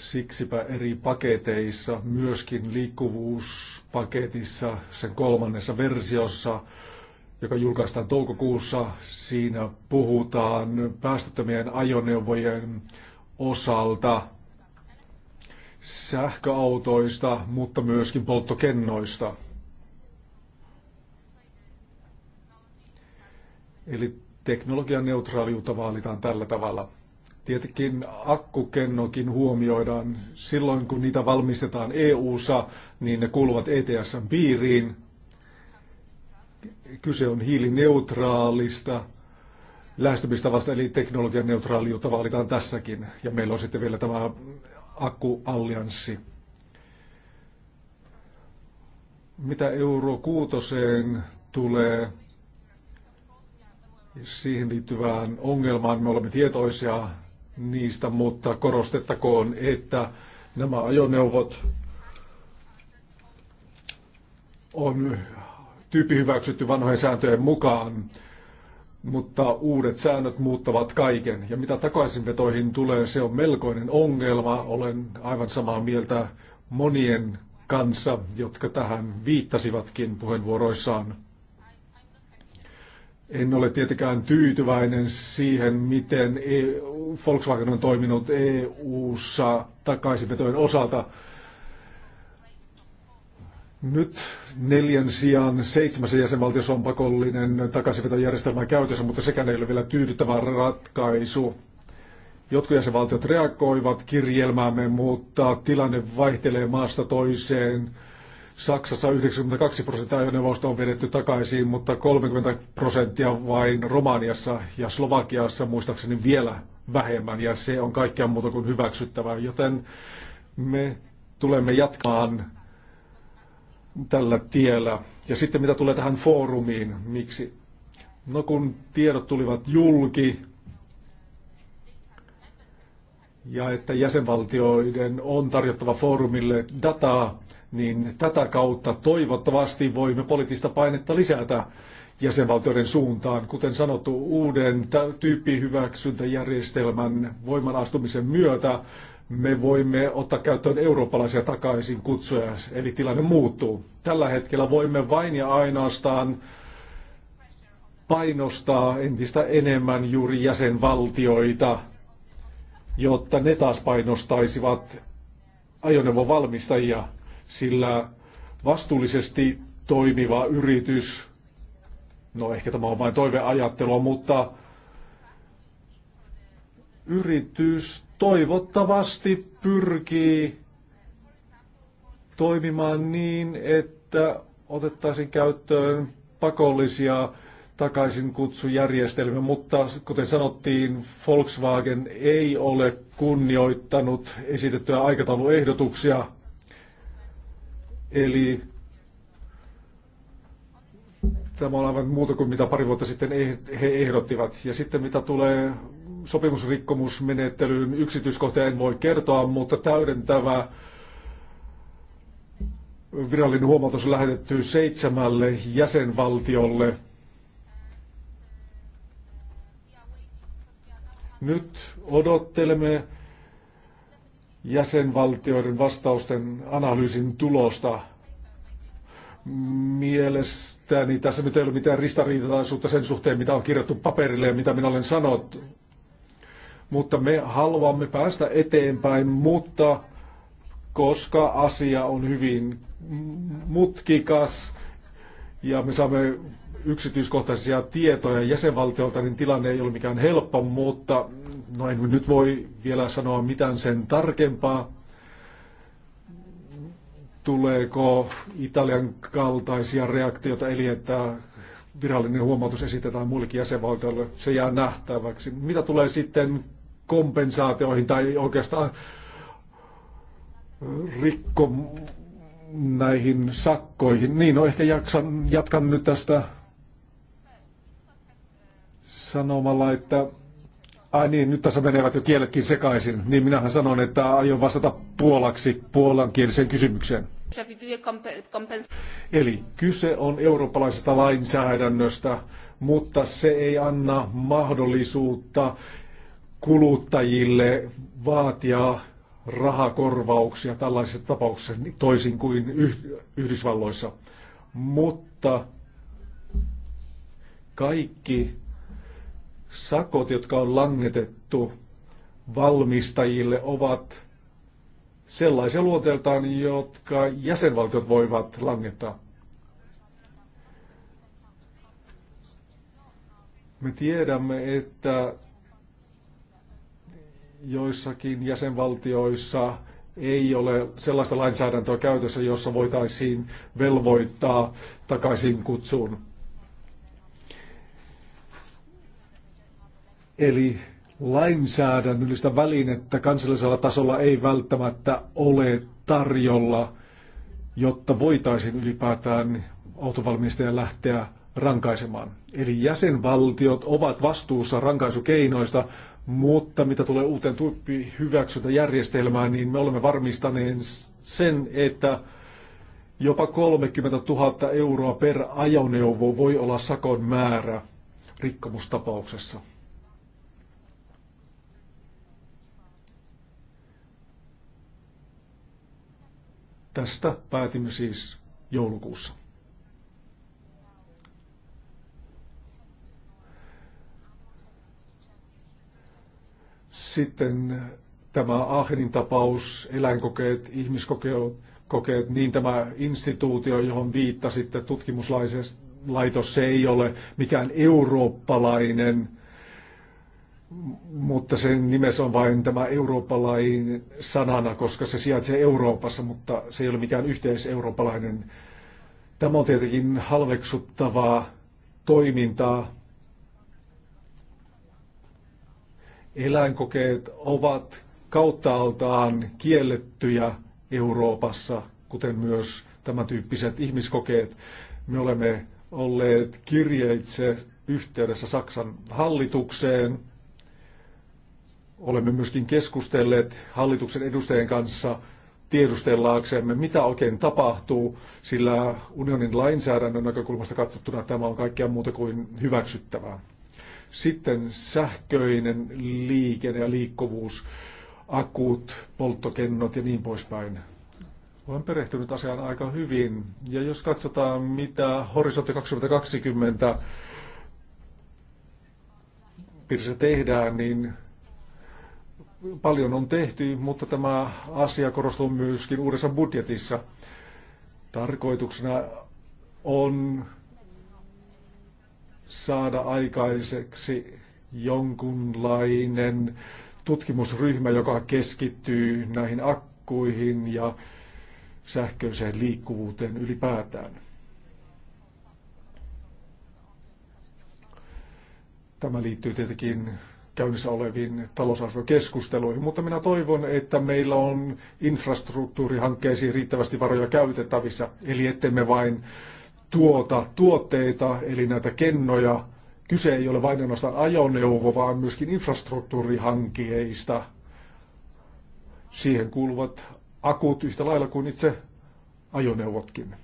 Siksipä eri paketeissa, myöskin liikkuvuuspaketissa, sen kolmannessa versiossa, joka julkaistaan toukokuussa, siinä puhutaan päästöttömien ajoneuvojen osalta sähköautoista, mutta myöskin polttokennoista. Eli teknologian neutraaliutta vaalitaan tällä tavalla. Tietenkin akkukennokin huomioidaan silloin, kun niitä valmistetaan EU-ssa, niin ne kuuluvat ets piiriin. Kyse on hiilineutraalista lähestymistavasta, eli teknologian neutraaliutta vaalitaan tässäkin. Ja meillä on sitten vielä tämä akkuallianssi. Mitä euro kuutoseen tulee, siihen liittyvään ongelmaan me olemme tietoisia niistä, mutta korostettakoon, että nämä ajoneuvot on tyyppi hyväksytty vanhojen sääntöjen mukaan, mutta uudet säännöt muuttavat kaiken. Ja mitä takaisinvetoihin tulee, se on melkoinen ongelma. Olen aivan samaa mieltä monien kanssa, jotka tähän viittasivatkin puheenvuoroissaan. En ole tietenkään tyytyväinen siihen, miten e- Volkswagen on toiminut EU-ssa takaisinvetojen osalta. Nyt neljän sijaan seitsemässä jäsenvaltiossa on pakollinen takaisinvetojärjestelmä käytössä, mutta sekään ei ole vielä tyydyttävä ratkaisu. Jotkut jäsenvaltiot reagoivat kirjelmäämme, mutta tilanne vaihtelee maasta toiseen. Saksassa 92 prosenttia ajoneuvoista on vedetty takaisin, mutta 30 prosenttia vain Romaniassa ja Slovakiassa muistaakseni vielä vähemmän, ja se on kaikkea muuta kuin hyväksyttävää, joten me tulemme jatkamaan tällä tiellä. Ja sitten mitä tulee tähän foorumiin, miksi? No kun tiedot tulivat julki, ja että jäsenvaltioiden on tarjottava foorumille dataa, niin tätä kautta toivottavasti voimme poliittista painetta lisätä jäsenvaltioiden suuntaan. Kuten sanottu, uuden tyyppihyväksyntäjärjestelmän astumisen myötä me voimme ottaa käyttöön eurooppalaisia takaisin kutsuja, eli tilanne muuttuu. Tällä hetkellä voimme vain ja ainoastaan painostaa entistä enemmän juuri jäsenvaltioita – jotta ne taas painostaisivat ajoneuvon valmistajia, sillä vastuullisesti toimiva yritys, no ehkä tämä on vain toiveajattelua, mutta yritys toivottavasti pyrkii toimimaan niin, että otettaisiin käyttöön pakollisia takaisin kutsujärjestelmä, mutta kuten sanottiin, Volkswagen ei ole kunnioittanut esitettyä aikatauluehdotuksia. Eli tämä on aivan muuta kuin mitä pari vuotta sitten eh- he ehdottivat. Ja sitten mitä tulee sopimusrikkomusmenettelyyn, yksityiskohtia en voi kertoa, mutta täydentävä virallinen huomautus on lähetetty seitsemälle jäsenvaltiolle – Nyt odottelemme jäsenvaltioiden vastausten analyysin tulosta. Mielestäni tässä nyt ei ole mitään ristariitaisuutta sen suhteen, mitä on kirjattu paperille ja mitä minä olen sanonut. Mutta me haluamme päästä eteenpäin, mutta koska asia on hyvin mutkikas ja me saamme yksityiskohtaisia tietoja jäsenvaltiolta, niin tilanne ei ole mikään helppo, mutta no en nyt voi vielä sanoa mitään sen tarkempaa. Tuleeko Italian kaltaisia reaktioita, eli että virallinen huomautus esitetään muillekin jäsenvaltioille, se jää nähtäväksi. Mitä tulee sitten kompensaatioihin tai oikeastaan rikko näihin sakkoihin. Niin, no ehkä jaksan, jatkan nyt tästä sanomalla, että Ai niin, nyt tässä menevät jo kieletkin sekaisin. Niin minähän sanon, että aion vastata puolaksi puolankieliseen kysymykseen. Eli kyse on eurooppalaisesta lainsäädännöstä, mutta se ei anna mahdollisuutta kuluttajille vaatia rahakorvauksia tällaisissa tapauksissa toisin kuin Yhdysvalloissa. Mutta kaikki Sakot, jotka on langetettu valmistajille, ovat sellaisia luonteeltaan, jotka jäsenvaltiot voivat langettaa. Me tiedämme, että joissakin jäsenvaltioissa ei ole sellaista lainsäädäntöä käytössä, jossa voitaisiin velvoittaa takaisin kutsuun Eli lainsäädännöllistä välinettä kansallisella tasolla ei välttämättä ole tarjolla, jotta voitaisiin ylipäätään autovalmistajan lähteä rankaisemaan. Eli jäsenvaltiot ovat vastuussa rankaisukeinoista, mutta mitä tulee uuteen hyväksyntäjärjestelmään, niin me olemme varmistaneet sen, että jopa 30 000 euroa per ajoneuvo voi olla sakon määrä rikkomustapauksessa. Tästä päätimme siis joulukuussa. Sitten tämä Aachenin tapaus, eläinkokeet, ihmiskokeet, niin tämä instituutio, johon viittasitte, tutkimuslaitos, se ei ole mikään eurooppalainen mutta sen nimessä on vain tämä eurooppalainen sanana, koska se sijaitsee Euroopassa, mutta se ei ole mikään yhteiseurooppalainen. Tämä on tietenkin halveksuttavaa toimintaa. Eläinkokeet ovat kauttaaltaan kiellettyjä Euroopassa, kuten myös tämän tyyppiset ihmiskokeet. Me olemme olleet kirjeitse yhteydessä Saksan hallitukseen, Olemme myöskin keskustelleet hallituksen edustajien kanssa tiedustellaaksemme, mitä oikein tapahtuu, sillä unionin lainsäädännön näkökulmasta katsottuna tämä on kaikkea muuta kuin hyväksyttävää. Sitten sähköinen liikenne ja liikkuvuus, akut, polttokennot ja niin poispäin. Olen perehtynyt asiaan aika hyvin. Ja jos katsotaan, mitä Horisontti 2020 piirissä tehdään, niin paljon on tehty, mutta tämä asia korostuu myöskin uudessa budjetissa. Tarkoituksena on saada aikaiseksi jonkunlainen tutkimusryhmä, joka keskittyy näihin akkuihin ja sähköiseen liikkuvuuteen ylipäätään. Tämä liittyy tietenkin käynnissä oleviin talousarviokeskusteluihin, mutta minä toivon, että meillä on infrastruktuurihankkeisiin riittävästi varoja käytettävissä, eli ettemme vain tuota tuotteita, eli näitä kennoja. Kyse ei ole vain ainoastaan ajoneuvo, vaan myöskin infrastruktuurihankkeista. Siihen kuuluvat akut yhtä lailla kuin itse ajoneuvotkin.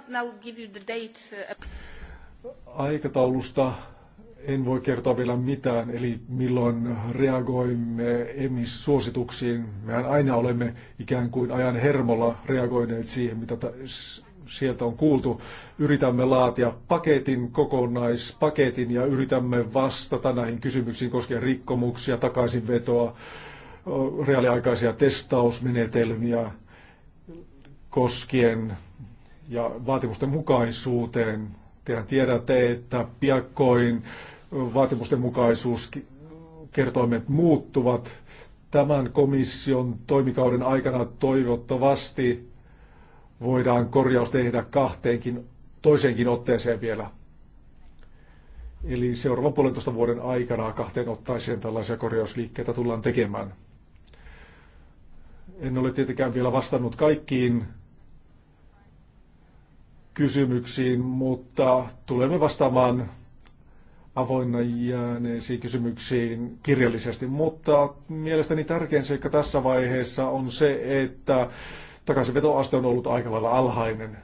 cannot now give you the date. Uh, Aikataulusta en voi kertoa vielä mitään, eli milloin reagoimme EMIS-suosituksiin. Mehän aina olemme ikään kuin ajan hermolla reagoineet siihen, mitä sieltä on kuultu. Yritämme laatia paketin, kokonaispaketin ja yritämme vastata näihin kysymyksiin koskien rikkomuksia, takaisinvetoa, reaaliaikaisia testausmenetelmiä koskien ja vaatimusten mukaisuuteen. Tehän tiedätte, että piakkoin vaatimusten mukaisuuskertoimet muuttuvat. Tämän komission toimikauden aikana toivottavasti voidaan korjaus tehdä kahteenkin, toiseenkin otteeseen vielä. Eli seuraavan puolentoista vuoden aikana kahteen ottaiseen tällaisia korjausliikkeitä tullaan tekemään. En ole tietenkään vielä vastannut kaikkiin kysymyksiin, mutta tulemme vastaamaan avoinna jääneisiin kysymyksiin kirjallisesti. Mutta mielestäni tärkein seikka tässä vaiheessa on se, että takaisinvetoaste on ollut aika lailla alhainen.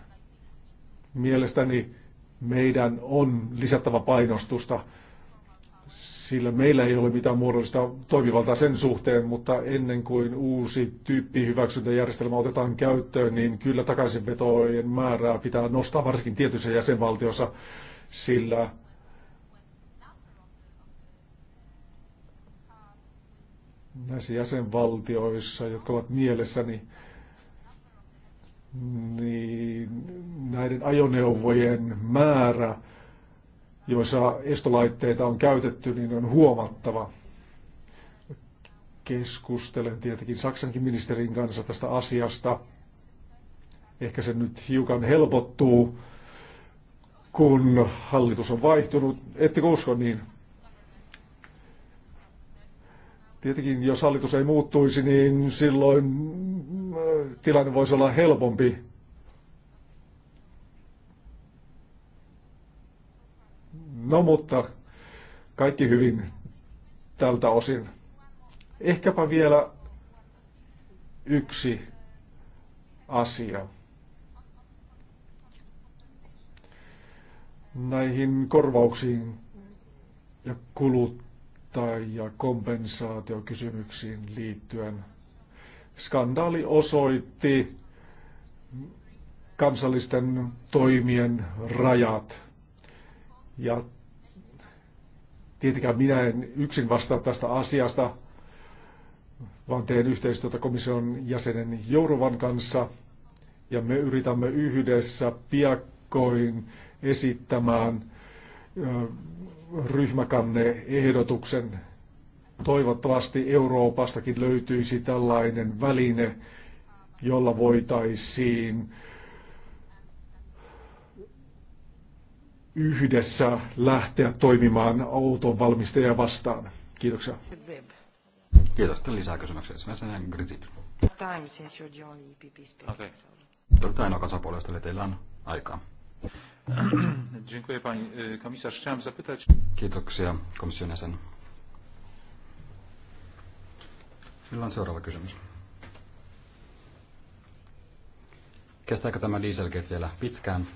Mielestäni meidän on lisättävä painostusta sillä meillä ei ole mitään muodollista toimivaltaa sen suhteen, mutta ennen kuin uusi hyväksyntäjärjestelmä otetaan käyttöön, niin kyllä takaisinvetojen määrää pitää nostaa varsinkin tietyissä jäsenvaltiossa, sillä näissä jäsenvaltioissa, jotka ovat mielessäni, niin näiden ajoneuvojen määrä – joissa estolaitteita on käytetty, niin on huomattava. Keskustelen tietenkin Saksankin ministerin kanssa tästä asiasta. Ehkä se nyt hiukan helpottuu, kun hallitus on vaihtunut. Ettekö usko niin? Tietenkin, jos hallitus ei muuttuisi, niin silloin äh, tilanne voisi olla helpompi No mutta kaikki hyvin tältä osin. Ehkäpä vielä yksi asia. Näihin korvauksiin ja kompensaatiokysymyksiin liittyen. Skandaali osoitti kansallisten toimien rajat ja Tietenkään minä en yksin vastaa tästä asiasta, vaan teen yhteistyötä komission jäsenen Jourovan kanssa ja me yritämme yhdessä piakkoin esittämään ryhmäkanneehdotuksen. Toivottavasti Euroopastakin löytyisi tällainen väline, jolla voitaisiin yhdessä lähteä toimimaan auton valmistajia vastaan. Kiitoksia. Kiitos. Sitten lisää kysymyksiä. Ensimmäisenä Grisip. Time since you're the Okay. Te eli teillä on aikaa. pani Kiitoksia komission jäsen. Meillä on seuraava kysymys. Kestääkö tämä dieselgate vielä pitkään?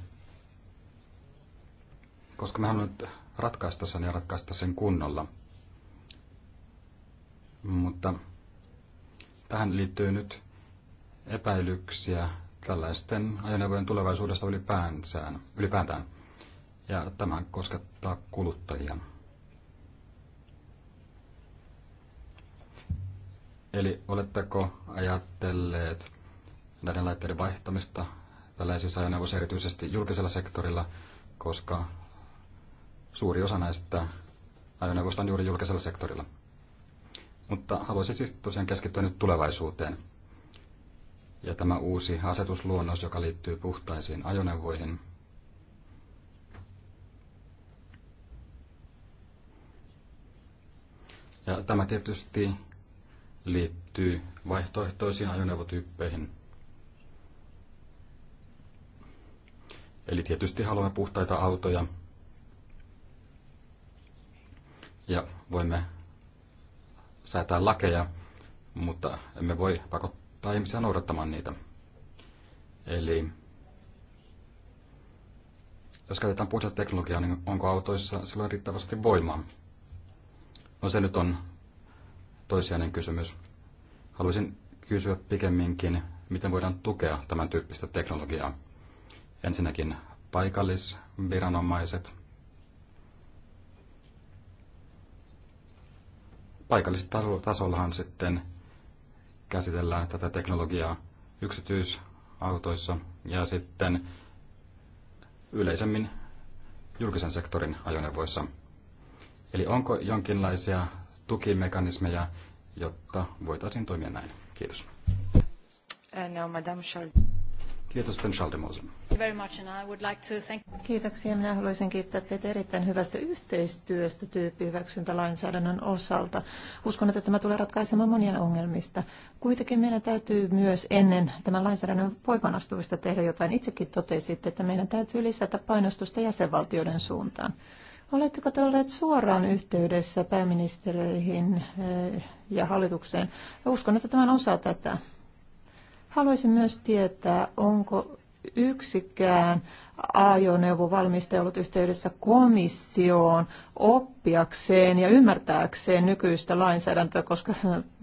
koska me nyt ratkaista sen ja ratkaista sen kunnolla. Mutta tähän liittyy nyt epäilyksiä tällaisten ajoneuvojen tulevaisuudesta ylipäänsään, ylipäätään. Ja tämä koskettaa kuluttajia. Eli oletteko ajatelleet näiden laitteiden vaihtamista tällaisissa ajoneuvoissa erityisesti julkisella sektorilla, koska Suuri osa näistä ajoneuvoista on juuri julkisella sektorilla. Mutta haluaisin siis tosiaan keskittyä nyt tulevaisuuteen. Ja tämä uusi asetusluonnos, joka liittyy puhtaisiin ajoneuvoihin, Ja tämä tietysti liittyy vaihtoehtoisiin ajoneuvotyyppeihin. Eli tietysti haluamme puhtaita autoja, ja voimme säätää lakeja, mutta emme voi pakottaa ihmisiä noudattamaan niitä. Eli jos käytetään puhdasta teknologiaa, niin onko autoissa silloin riittävästi voimaa? No se nyt on toisiainen kysymys. Haluaisin kysyä pikemminkin, miten voidaan tukea tämän tyyppistä teknologiaa. Ensinnäkin paikallisviranomaiset, paikallisella tasollahan sitten käsitellään tätä teknologiaa yksityisautoissa ja sitten yleisemmin julkisen sektorin ajoneuvoissa. Eli onko jonkinlaisia tukimekanismeja, jotta voitaisiin toimia näin? Kiitos. Uh, no, Madame Charles. Kiitos Schaldemosen. Kiitoksia. Minä haluaisin kiittää teitä erittäin hyvästä yhteistyöstä tyyppihyväksyntälainsäädännön osalta. Uskon, että tämä tulee ratkaisemaan monia ongelmista. Kuitenkin meidän täytyy myös ennen tämän lainsäädännön voimanastumista tehdä jotain. Itsekin totesitte, että meidän täytyy lisätä painostusta jäsenvaltioiden suuntaan. Oletteko te olleet suoraan yhteydessä pääministereihin eh, ja hallitukseen? Uskon, että on osa tätä. Haluaisin myös tietää, onko yksikään ajoneuvovalmistaja ollut yhteydessä komissioon oppiakseen ja ymmärtääkseen nykyistä lainsäädäntöä, koska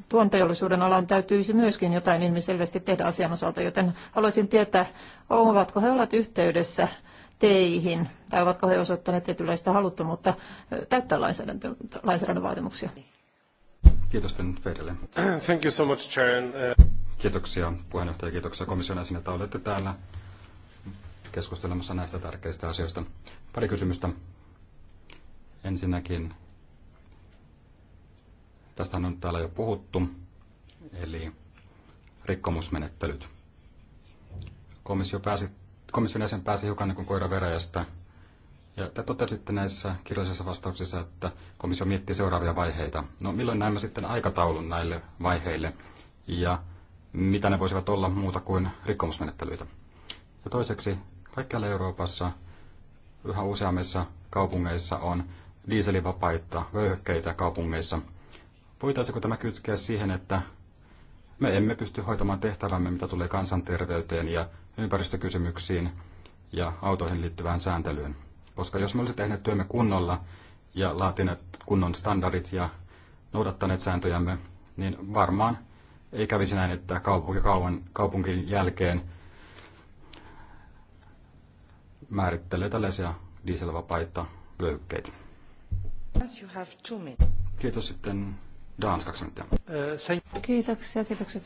tuon teollisuuden alan täytyisi myöskin jotain ilmiselvästi tehdä asian osalta, joten haluaisin tietää, ovatko he olleet yhteydessä teihin, tai ovatko he osoittaneet tietynlaista haluttomuutta täyttää lainsäädäntö, lainsäädännön vaatimuksia? Kiitos teille. Thank you so much, Chair. Kiitoksia puheenjohtaja, kiitoksia komission jäsen, että olette täällä keskustelemassa näistä tärkeistä asioista. Pari kysymystä. Ensinnäkin, tästä on täällä jo puhuttu, eli rikkomusmenettelyt. Komissio pääsi, komission jäsen pääsi hiukan niin kuin koira veräjästä, ja te totesitte näissä kirjallisissa vastauksissa, että komissio miettii seuraavia vaiheita. No milloin näemme sitten aikataulun näille vaiheille? Ja mitä ne voisivat olla muuta kuin rikkomusmenettelyitä. Ja toiseksi, kaikkialla Euroopassa yhä useammissa kaupungeissa on dieselivapaita vöyhykkeitä kaupungeissa. Voitaisiko tämä kytkeä siihen, että me emme pysty hoitamaan tehtävämme, mitä tulee kansanterveyteen ja ympäristökysymyksiin ja autoihin liittyvään sääntelyyn. Koska jos me olisimme tehneet työmme kunnolla ja laatineet kunnon standardit ja noudattaneet sääntöjämme, niin varmaan ei kävisi näin, että kaupunki kauan, kaupunkin jälkeen määrittelee tällaisia dieselvapaita vyöhykkeitä. Kiitos sitten Dans kaksi minuuttia. Äh, Kiitoksia, kiitokset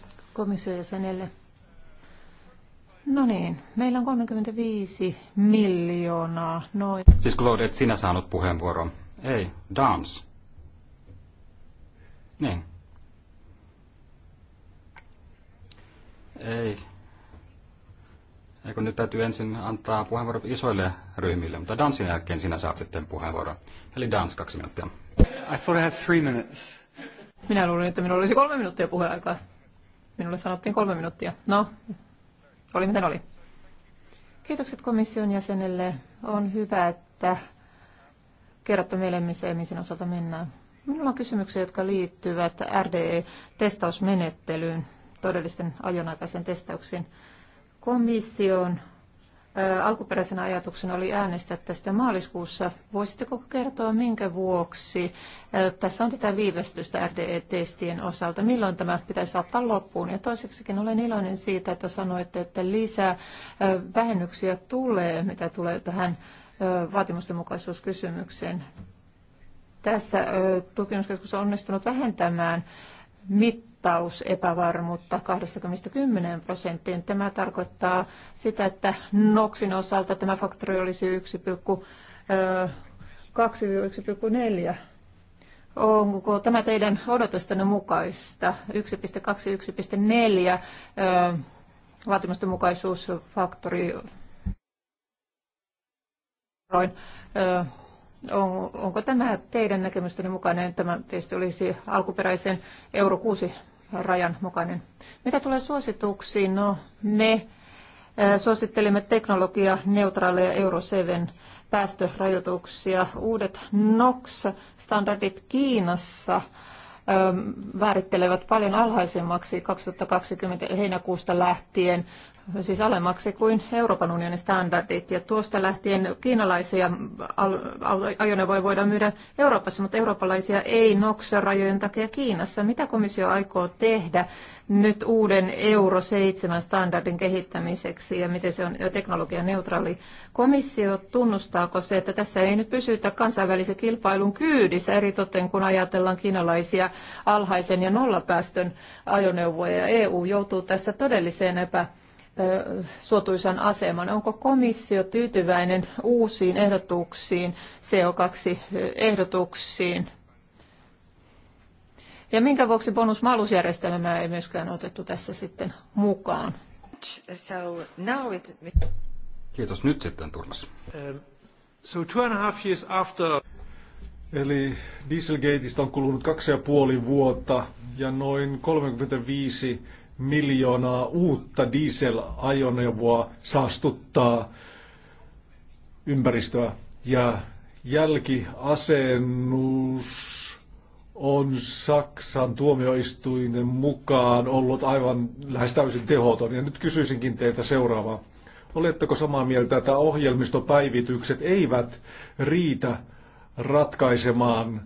jäsenelle. No niin, meillä on 35 miljoonaa noin. Siis Claude, et sinä saanut puheenvuoron. Ei, Dans. Niin, Ei. Eikö kun nyt täytyy ensin antaa puheenvuoro isoille ryhmille, mutta Dansin jälkeen sinä saat sitten puheenvuoron. Eli Dans kaksi minuuttia. I thought I had three minutes. Minä luulin, että minulla olisi kolme minuuttia puheaikaa. Minulle sanottiin kolme minuuttia. No, oli miten oli. Kiitokset komission jäsenelle. On hyvä, että kerrotte meille, missä emisin osalta mennään. Minulla on kysymyksiä, jotka liittyvät RDE-testausmenettelyyn todellisten ajonaikaisen testauksen Komission alkuperäisen ajatuksen oli äänestää tästä maaliskuussa. Voisitteko kertoa, minkä vuoksi tässä on tätä viivästystä RDE-testien osalta? Milloin tämä pitäisi saattaa loppuun? Ja toiseksikin olen iloinen siitä, että sanoitte, että lisää vähennyksiä tulee, mitä tulee tähän vaatimustenmukaisuuskysymykseen. Tässä tutkimuskeskus on onnistunut vähentämään mittaus epävarmuutta 20 prosenttiin. Tämä tarkoittaa sitä, että NOXin osalta tämä faktori olisi 1,2-1,4 Onko tämä teidän odotustanne mukaista? 1.2-1.4 vaatimusten mukaisuusfaktori on, onko tämä teidän näkemystenne mukainen? Tämä tietysti olisi alkuperäisen euro 6 rajan mukainen. Mitä tulee suosituksiin? No, me eh, suosittelemme teknologianeutraaleja Euro 7 päästörajoituksia. Uudet NOx-standardit Kiinassa määrittelevät eh, paljon alhaisemmaksi 2020 heinäkuusta lähtien siis alemmaksi kuin Euroopan unionin standardit. Ja tuosta lähtien kiinalaisia ajoneuvoja voidaan myydä Euroopassa, mutta eurooppalaisia ei noksa rajojen takia Kiinassa. Mitä komissio aikoo tehdä nyt uuden Euro 7 standardin kehittämiseksi ja miten se on teknologian neutraali? Komissio tunnustaako se, että tässä ei nyt pysytä kansainvälisen kilpailun kyydissä, eritoten kun ajatellaan kiinalaisia alhaisen ja nollapäästön ajoneuvoja. EU joutuu tässä todelliseen epä suotuisan aseman. Onko komissio tyytyväinen uusiin ehdotuksiin, CO2-ehdotuksiin? Ja minkä vuoksi bonusmalusjärjestelmää ei myöskään otettu tässä sitten mukaan? So now it... Kiitos. Nyt sitten Turmas. Ähm, so two and a half years after... Eli Dieselgateista on kulunut kaksi ja puoli vuotta ja noin 35 miljoonaa uutta dieselajoneuvoa saastuttaa ympäristöä ja jälkiasennus on Saksan tuomioistuinen mukaan ollut aivan lähes täysin tehoton. Ja nyt kysyisinkin teiltä seuraavaa. Oletteko samaa mieltä, että ohjelmistopäivitykset eivät riitä ratkaisemaan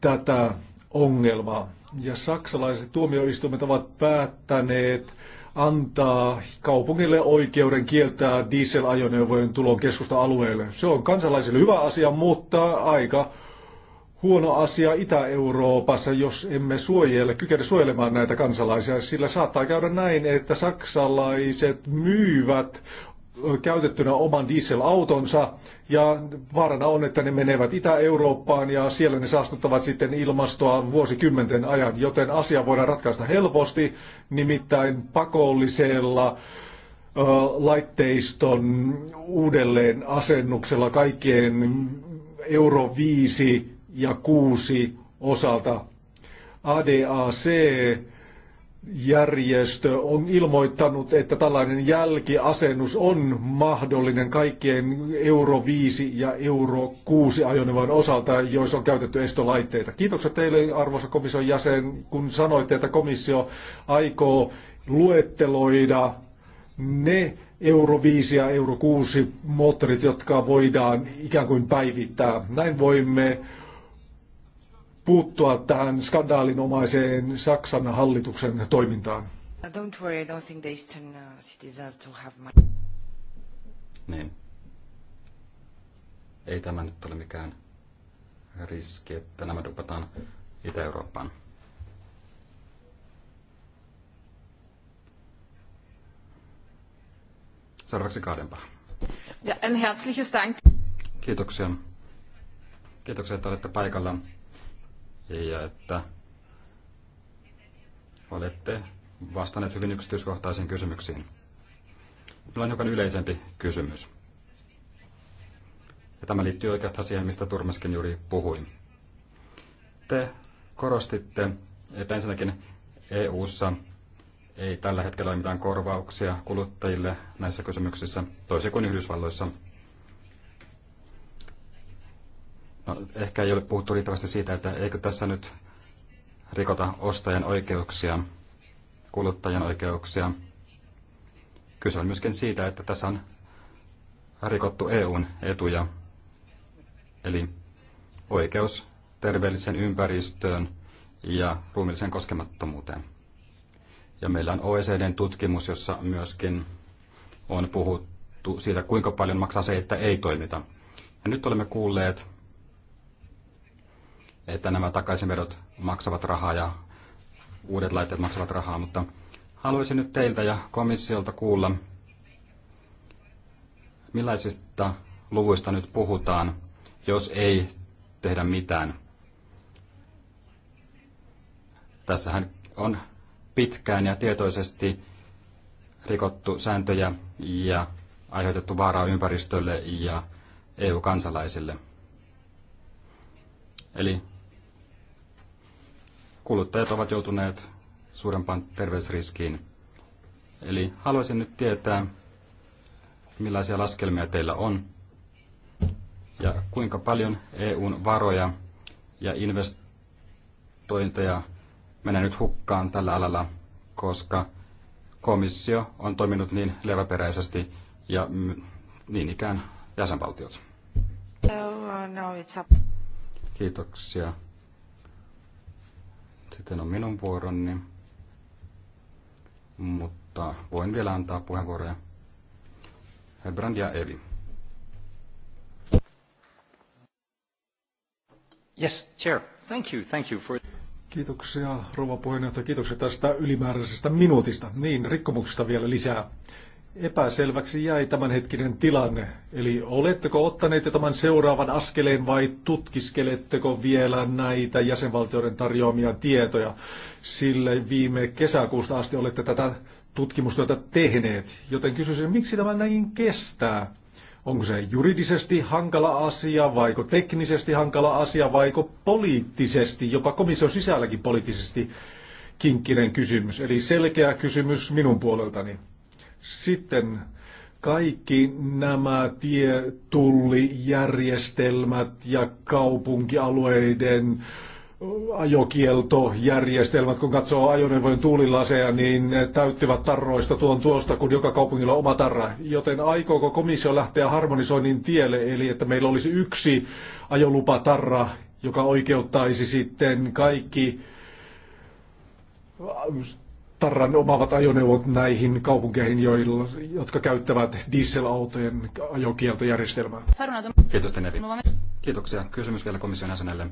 tätä ongelmaa? ja saksalaiset tuomioistuimet ovat päättäneet antaa kaupungille oikeuden kieltää dieselajoneuvojen tulon keskusta-alueelle. Se on kansalaisille hyvä asia, mutta aika huono asia Itä-Euroopassa, jos emme suojele, kykene suojelemaan näitä kansalaisia, sillä saattaa käydä näin, että saksalaiset myyvät käytettynä oman dieselautonsa ja vaarana on, että ne menevät Itä-Eurooppaan ja siellä ne saastuttavat sitten ilmastoa vuosikymmenten ajan, joten asia voidaan ratkaista helposti, nimittäin pakollisella ö, laitteiston uudelleen asennuksella kaikkien euro 5 ja 6 osalta. ADAC järjestö on ilmoittanut, että tällainen jälkiasennus on mahdollinen kaikkien Euro 5 ja Euro 6 ajoneuvojen osalta, joissa on käytetty estolaitteita. Kiitokset teille, arvoisa komission jäsen, kun sanoitte, että komissio aikoo luetteloida ne Euro 5 ja Euro 6 moottorit, jotka voidaan ikään kuin päivittää. Näin voimme puuttua tähän skandaalinomaiseen Saksan hallituksen toimintaan. Uh, don't uh, Niin. Ei tämä nyt ole mikään riski, että nämä dumpataan Itä-Eurooppaan. Seuraavaksi Kaadenpaa. Ja en herzliches Dank. Kiitoksia. Kiitoksia, että olette paikalla ja että olette vastanneet hyvin yksityiskohtaisiin kysymyksiin. Minulla on hiukan yleisempi kysymys. Ja tämä liittyy oikeastaan siihen, mistä Turmeskin juuri puhui. Te korostitte, että ensinnäkin EU:ssa ei tällä hetkellä ole mitään korvauksia kuluttajille näissä kysymyksissä, toisin kuin Yhdysvalloissa – No, ehkä ei ole puhuttu riittävästi siitä, että eikö tässä nyt rikota ostajan oikeuksia, kuluttajan oikeuksia. Kyse on myöskin siitä, että tässä on rikottu EUn etuja, eli oikeus terveelliseen ympäristöön ja ruumilliseen koskemattomuuteen. Ja meillä on OECDn tutkimus, jossa myöskin on puhuttu siitä, kuinka paljon maksaa se, että ei toimita. Ja nyt olemme kuulleet että nämä takaisinvedot maksavat rahaa ja uudet laitteet maksavat rahaa, mutta haluaisin nyt teiltä ja komissiolta kuulla, millaisista luvuista nyt puhutaan, jos ei tehdä mitään. Tässähän on pitkään ja tietoisesti rikottu sääntöjä ja aiheutettu vaaraa ympäristölle ja EU-kansalaisille. Eli kuluttajat ovat joutuneet suurempaan terveysriskiin. Eli haluaisin nyt tietää, millaisia laskelmia teillä on ja kuinka paljon EUn varoja ja investointeja menee nyt hukkaan tällä alalla, koska komissio on toiminut niin leväperäisesti ja niin ikään jäsenvaltiot. No, no, Kiitoksia. Sitten on minun vuoroni, mutta voin vielä antaa puheenvuoroja. Hebrand ja Evi. Yes, chair. Thank you, thank you for... Kiitoksia, rouva puheenjohtaja. Kiitoksia tästä ylimääräisestä minuutista. Niin, rikkomuksista vielä lisää epäselväksi jäi tämänhetkinen tilanne. Eli oletteko ottaneet jo tämän seuraavan askeleen vai tutkiskeletteko vielä näitä jäsenvaltioiden tarjoamia tietoja? Sillä viime kesäkuusta asti olette tätä tutkimustyötä tehneet. Joten kysyisin, miksi tämä näin kestää? Onko se juridisesti hankala asia, vaiko teknisesti hankala asia, vaiko poliittisesti, jopa komission sisälläkin poliittisesti kinkkinen kysymys? Eli selkeä kysymys minun puoleltani. Sitten kaikki nämä tietullijärjestelmät ja kaupunkialueiden ajokieltojärjestelmät, kun katsoo ajoneuvojen tuulilaseja, niin ne täyttyvät tarroista tuon tuosta, kun joka kaupungilla on oma tarra. Joten aikooko komissio lähteä harmonisoinnin tielle, eli että meillä olisi yksi ajolupatarra, joka oikeuttaisi sitten kaikki tarran omaavat ajoneuvot näihin kaupunkeihin, joilla, jotka käyttävät dieselautojen ajokieltojärjestelmää. Kiitos Tenevi. Kiitoksia. Kysymys vielä komission jäsenelle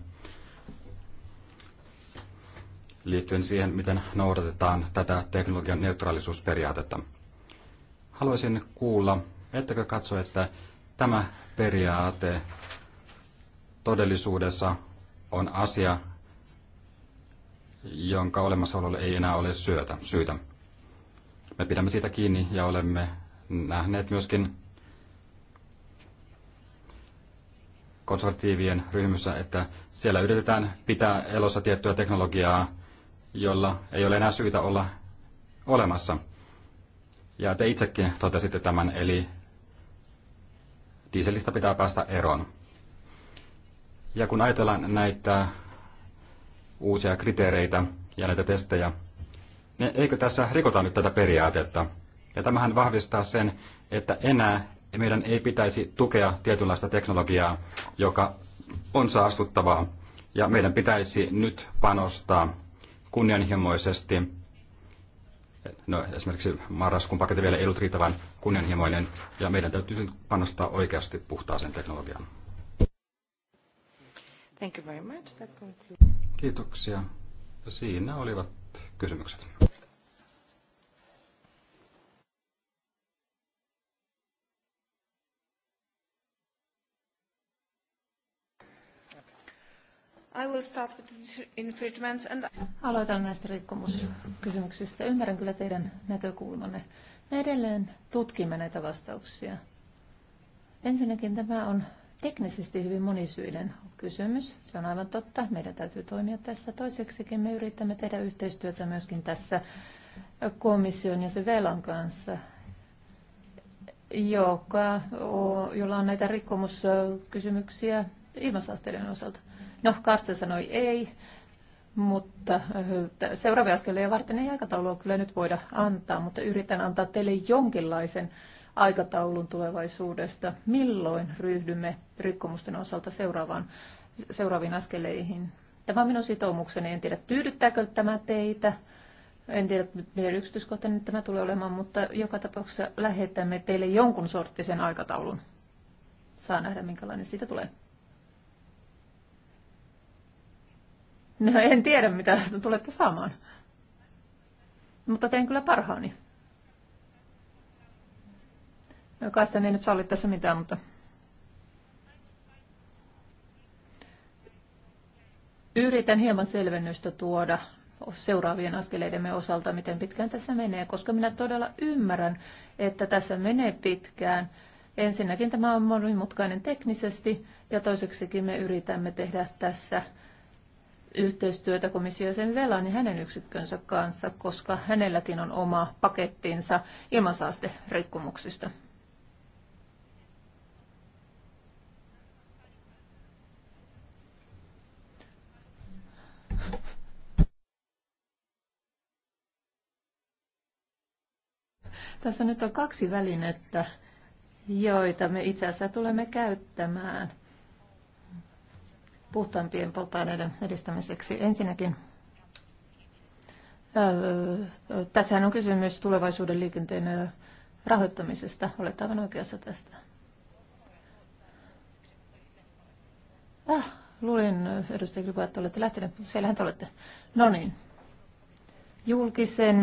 liittyen siihen, miten noudatetaan tätä teknologian neutraalisuusperiaatetta. Haluaisin kuulla, ettekö katso, että tämä periaate todellisuudessa on asia, jonka olemassaololle ei enää ole syötä, syytä. Me pidämme siitä kiinni ja olemme nähneet myöskin konservatiivien ryhmässä, että siellä yritetään pitää elossa tiettyä teknologiaa, jolla ei ole enää syytä olla olemassa. Ja te itsekin totesitte tämän, eli dieselistä pitää päästä eroon. Ja kun ajatellaan näitä uusia kriteereitä ja näitä testejä, niin eikö tässä rikota nyt tätä periaatetta? Ja tämähän vahvistaa sen, että enää meidän ei pitäisi tukea tietynlaista teknologiaa, joka on saastuttavaa. Ja meidän pitäisi nyt panostaa kunnianhimoisesti. No, esimerkiksi marraskuun paketti vielä ei ollut riittävän kunnianhimoinen, ja meidän täytyy panostaa oikeasti puhtaaseen teknologiaan. Thank you very much. That concludes. Kiitoksia. Siinä olivat kysymykset. I will start with infringements and... Aloitan näistä rikkomuskysymyksistä. Ymmärrän kyllä teidän näkökulmanne. Me edelleen tutkimme näitä vastauksia. Ensinnäkin tämä on teknisesti hyvin monisyinen kysymys. Se on aivan totta. Meidän täytyy toimia tässä. Toiseksikin me yritämme tehdä yhteistyötä myöskin tässä komission ja se velan kanssa, joka jolla on näitä rikkomuskysymyksiä ilmansaasteiden osalta. No, Karsten sanoi ei, mutta seuraavia askeleja varten ei aikataulua kyllä nyt voida antaa, mutta yritän antaa teille jonkinlaisen aikataulun tulevaisuudesta, milloin ryhdymme rikkomusten osalta seuraavaan, seuraaviin askeleihin. Tämä on minun sitoumukseni. En tiedä, tyydyttääkö tämä teitä. En tiedä, miten yksityiskohtainen tämä tulee olemaan, mutta joka tapauksessa lähetämme teille jonkun sorttisen aikataulun. Saa nähdä, minkälainen siitä tulee. No en tiedä, mitä tulette saamaan. Mutta teen kyllä parhaani. No kaista ei niin nyt salli tässä mitään, mutta... Yritän hieman selvennystä tuoda seuraavien askeleidemme osalta, miten pitkään tässä menee, koska minä todella ymmärrän, että tässä menee pitkään. Ensinnäkin tämä on monimutkainen teknisesti ja toiseksikin me yritämme tehdä tässä yhteistyötä komissiosen velan ja hänen yksikkönsä kanssa, koska hänelläkin on oma pakettinsa ilmansaasterikkomuksista. Tässä nyt on kaksi välinettä, joita me itse asiassa tulemme käyttämään puhtaampien polttoaineiden edistämiseksi. Ensinnäkin öö, tässähän on kysymys tulevaisuuden liikenteen rahoittamisesta. Olet aivan oikeassa tästä. Ah, luulin, edustaja Kripa, että olette lähteneet, mutta siellähän te olette. No niin. Julkisen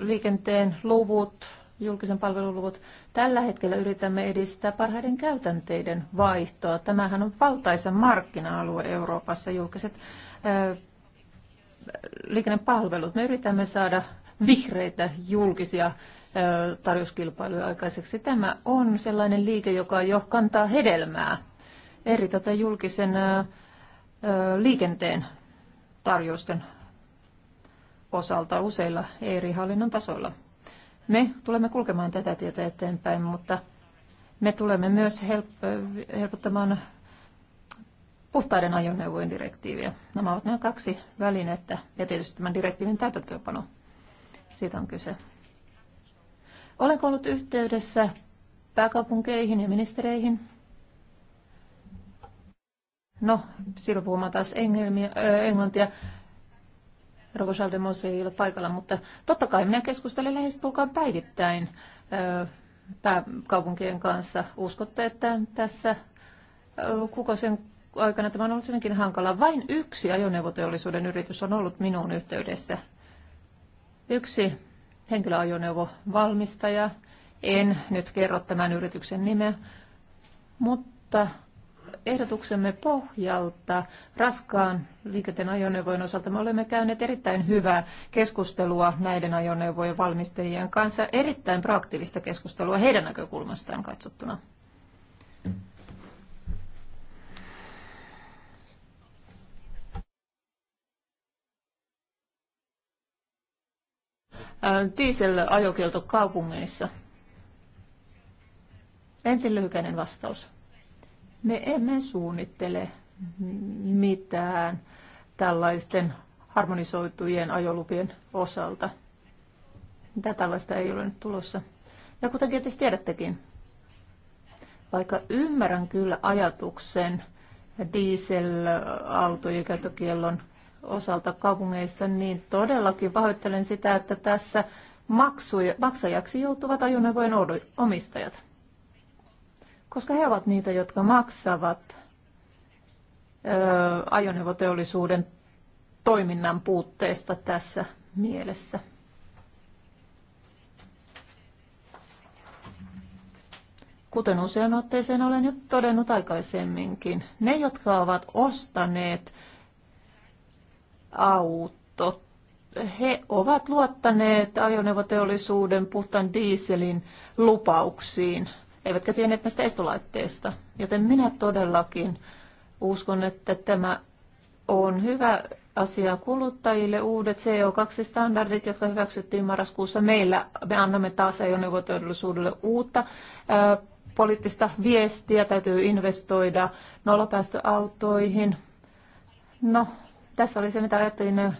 liikenteen luvut, julkisen palvelun luvut. Tällä hetkellä yritämme edistää parhaiden käytänteiden vaihtoa. Tämähän on valtaisa markkina-alue Euroopassa, julkiset liikennepalvelut. Me yritämme saada vihreitä julkisia tarjouskilpailuja aikaiseksi. Tämä on sellainen liike, joka jo kantaa hedelmää eri tota julkisen liikenteen tarjousten osalta useilla eri hallinnon tasoilla. Me tulemme kulkemaan tätä tietä eteenpäin, mutta me tulemme myös helpottamaan puhtaiden ajoneuvojen direktiiviä. Nämä ovat nämä kaksi välinettä ja tietysti tämän direktiivin täytäntöönpano. Siitä on kyse. Olenko ollut yhteydessä pääkaupunkeihin ja ministereihin? No, silloin puhumaan taas englantia de Chaldemose ei ole paikalla, mutta totta kai minä keskustelen lähestulkaan päivittäin pääkaupunkien kanssa. Uskotte, että tässä Kukosen aikana tämä on ollut hyvinkin hankala. Vain yksi ajoneuvoteollisuuden yritys on ollut minuun yhteydessä. Yksi henkilöajoneuvovalmistaja. En nyt kerro tämän yrityksen nimeä, mutta ehdotuksemme pohjalta raskaan liikenteen ajoneuvojen osalta me olemme käyneet erittäin hyvää keskustelua näiden ajoneuvojen valmistajien kanssa, erittäin proaktiivista keskustelua heidän näkökulmastaan katsottuna. Äh, diesel-ajokielto kaupungeissa? Ensin lyhykäinen vastaus. Me emme suunnittele mitään tällaisten harmonisoitujen ajolupien osalta. Mitä tällaista ei ole nyt tulossa? Ja kuten tietysti tiedättekin, vaikka ymmärrän kyllä ajatuksen dieselautojen käyttökiellon osalta kaupungeissa, niin todellakin pahoittelen sitä, että tässä maksuja, maksajaksi joutuvat ajoneuvojen omistajat koska he ovat niitä, jotka maksavat ajoneuvoteollisuuden toiminnan puutteesta tässä mielessä. Kuten usein otteeseen olen jo todennut aikaisemminkin, ne, jotka ovat ostaneet autot, he ovat luottaneet ajoneuvoteollisuuden puhtaan dieselin lupauksiin – eivätkä tienneet näistä estolaitteista. Joten minä todellakin uskon, että tämä on hyvä asia kuluttajille. Uudet CO2-standardit, jotka hyväksyttiin marraskuussa meillä, me annamme taas ajoneuvoteollisuudelle uutta ää, poliittista viestiä. Täytyy investoida nollapäästöautoihin. No, tässä oli se, mitä ajattelin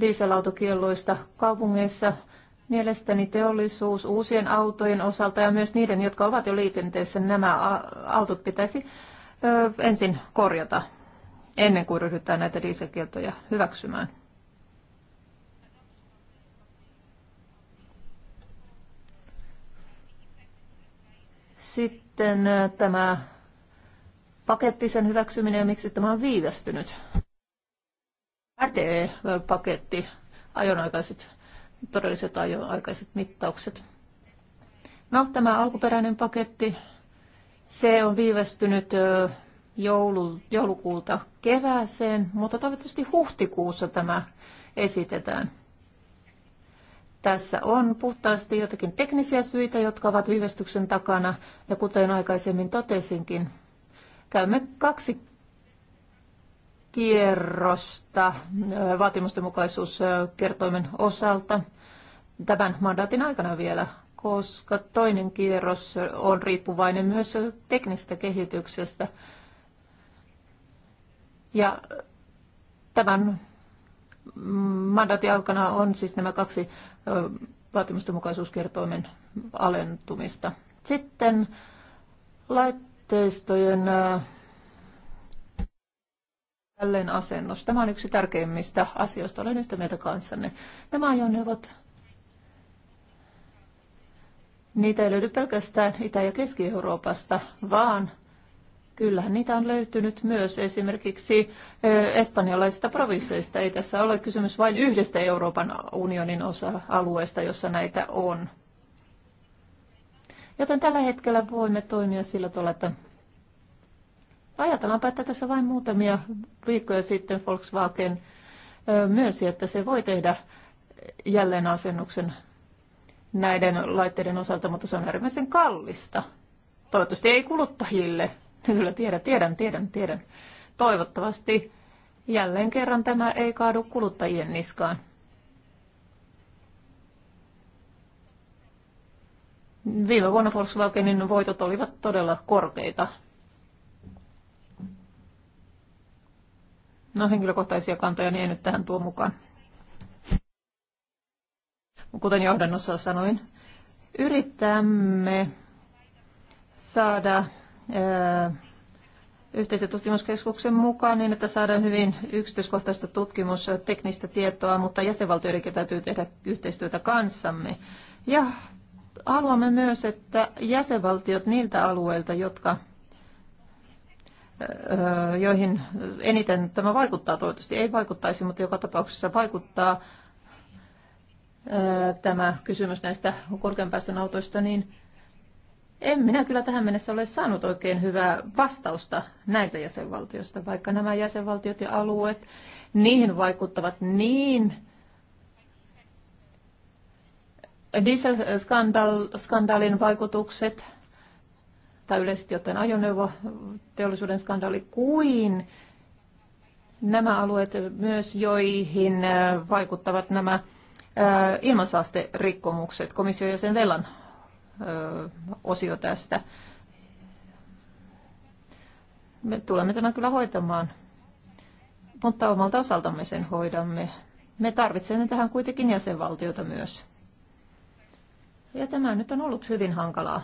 dieselautokielloista kaupungeissa. Mielestäni teollisuus uusien autojen osalta ja myös niiden, jotka ovat jo liikenteessä, nämä autot pitäisi ensin korjata ennen kuin ryhdytään näitä dieselkieltoja hyväksymään. Sitten tämä paketti, sen hyväksyminen ja miksi tämä on viivästynyt. RDE-paketti, ajonaikaiset todelliset ajoaikaiset mittaukset. No, tämä alkuperäinen paketti, se on viivästynyt joulu, joulukuulta kevääseen, mutta toivottavasti huhtikuussa tämä esitetään. Tässä on puhtaasti jotakin teknisiä syitä, jotka ovat viivästyksen takana, ja kuten aikaisemmin totesinkin, käymme kaksi kierrosta vaatimustenmukaisuuskertoimen osalta tämän mandaatin aikana vielä, koska toinen kierros on riippuvainen myös teknisestä kehityksestä. Ja tämän mandaatin aikana on siis nämä kaksi vaatimustenmukaisuuskertoimen alentumista. Sitten laitteistojen jälleen asennus. Tämä on yksi tärkeimmistä asioista. Olen yhtä mieltä kanssanne. Nämä ajoneuvot, niitä ei löydy pelkästään Itä- ja Keski-Euroopasta, vaan Kyllähän niitä on löytynyt myös esimerkiksi eh, espanjalaisista provinsseista. Ei tässä ole kysymys vain yhdestä Euroopan unionin osa-alueesta, jossa näitä on. Joten tällä hetkellä voimme toimia sillä tavalla, että Ajatellaanpa, että tässä vain muutamia viikkoja sitten Volkswagen myönsi, että se voi tehdä jälleenasennuksen näiden laitteiden osalta, mutta se on äärimmäisen kallista. Toivottavasti ei kuluttajille. Kyllä tiedän, tiedän, tiedän, tiedän. Toivottavasti jälleen kerran tämä ei kaadu kuluttajien niskaan. Viime vuonna Volkswagenin voitot olivat todella korkeita. No henkilökohtaisia kantoja niin ei nyt tähän tuo mukaan. Kuten johdannossa sanoin, yritämme saada ää, yhteisen tutkimuskeskuksen mukaan niin, että saadaan hyvin yksityiskohtaista tutkimusteknistä tietoa, mutta jäsenvaltioidenkin täytyy tehdä yhteistyötä kanssamme. Ja haluamme myös, että jäsenvaltiot niiltä alueilta, jotka joihin eniten tämä vaikuttaa toivottavasti ei vaikuttaisi, mutta joka tapauksessa vaikuttaa tämä kysymys näistä korkean päästön autoista, niin en minä kyllä tähän mennessä ole saanut oikein hyvää vastausta näiltä jäsenvaltioista, vaikka nämä jäsenvaltiot ja alueet, niihin vaikuttavat niin dieselskandaalin vaikutukset, tai yleisesti ottaen ajoneuvoteollisuuden skandaali kuin nämä alueet myös, joihin äh, vaikuttavat nämä äh, ilmansaasterikkomukset. ja sen Vellan äh, osio tästä. Me tulemme tämän kyllä hoitamaan, mutta omalta osaltamme sen hoidamme. Me tarvitsemme tähän kuitenkin jäsenvaltiota myös. Ja tämä nyt on ollut hyvin hankalaa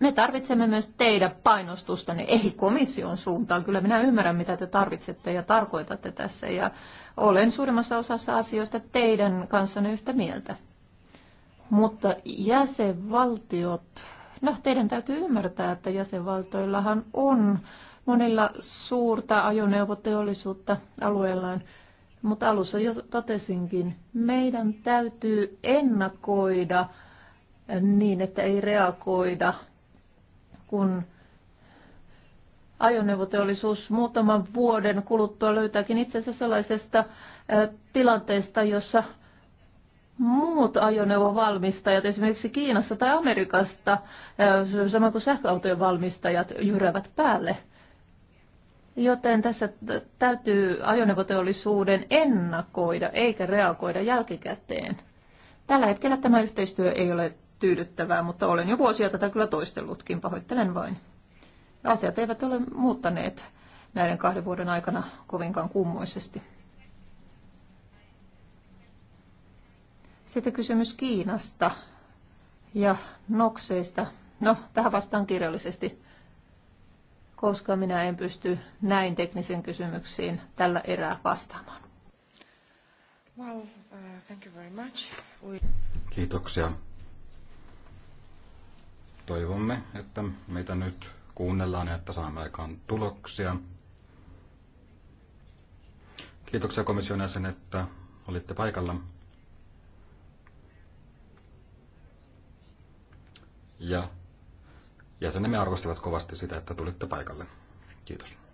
me tarvitsemme myös teidän painostustanne, ei komission suuntaan. Kyllä minä ymmärrän, mitä te tarvitsette ja tarkoitatte tässä. Ja olen suurimmassa osassa asioista teidän kanssanne yhtä mieltä. Mutta jäsenvaltiot, no teidän täytyy ymmärtää, että jäsenvaltioillahan on monilla suurta ajoneuvoteollisuutta alueellaan. Mutta alussa jo totesinkin, meidän täytyy ennakoida niin, että ei reagoida kun ajoneuvoteollisuus muutaman vuoden kuluttua löytääkin asiassa sellaisesta tilanteesta, jossa muut ajoneuvovalmistajat, esimerkiksi Kiinassa tai Amerikasta, samoin kuin sähköautojen valmistajat, jyrävät päälle. Joten tässä täytyy ajoneuvoteollisuuden ennakoida eikä reagoida jälkikäteen. Tällä hetkellä tämä yhteistyö ei ole tyydyttävää, mutta olen jo vuosia tätä kyllä toistellutkin, pahoittelen vain. Asiat eivät ole muuttaneet näiden kahden vuoden aikana kovinkaan kummoisesti. Sitten kysymys Kiinasta ja nokseista. No, tähän vastaan kirjallisesti, koska minä en pysty näin teknisiin kysymyksiin tällä erää vastaamaan. Well, uh, thank you very much. We... Kiitoksia. Toivomme, että meitä nyt kuunnellaan ja että saamme aikaan tuloksia. Kiitoksia komission jäsen, että olitte paikalla. Ja jäsenemme arvostivat kovasti sitä, että tulitte paikalle. Kiitos.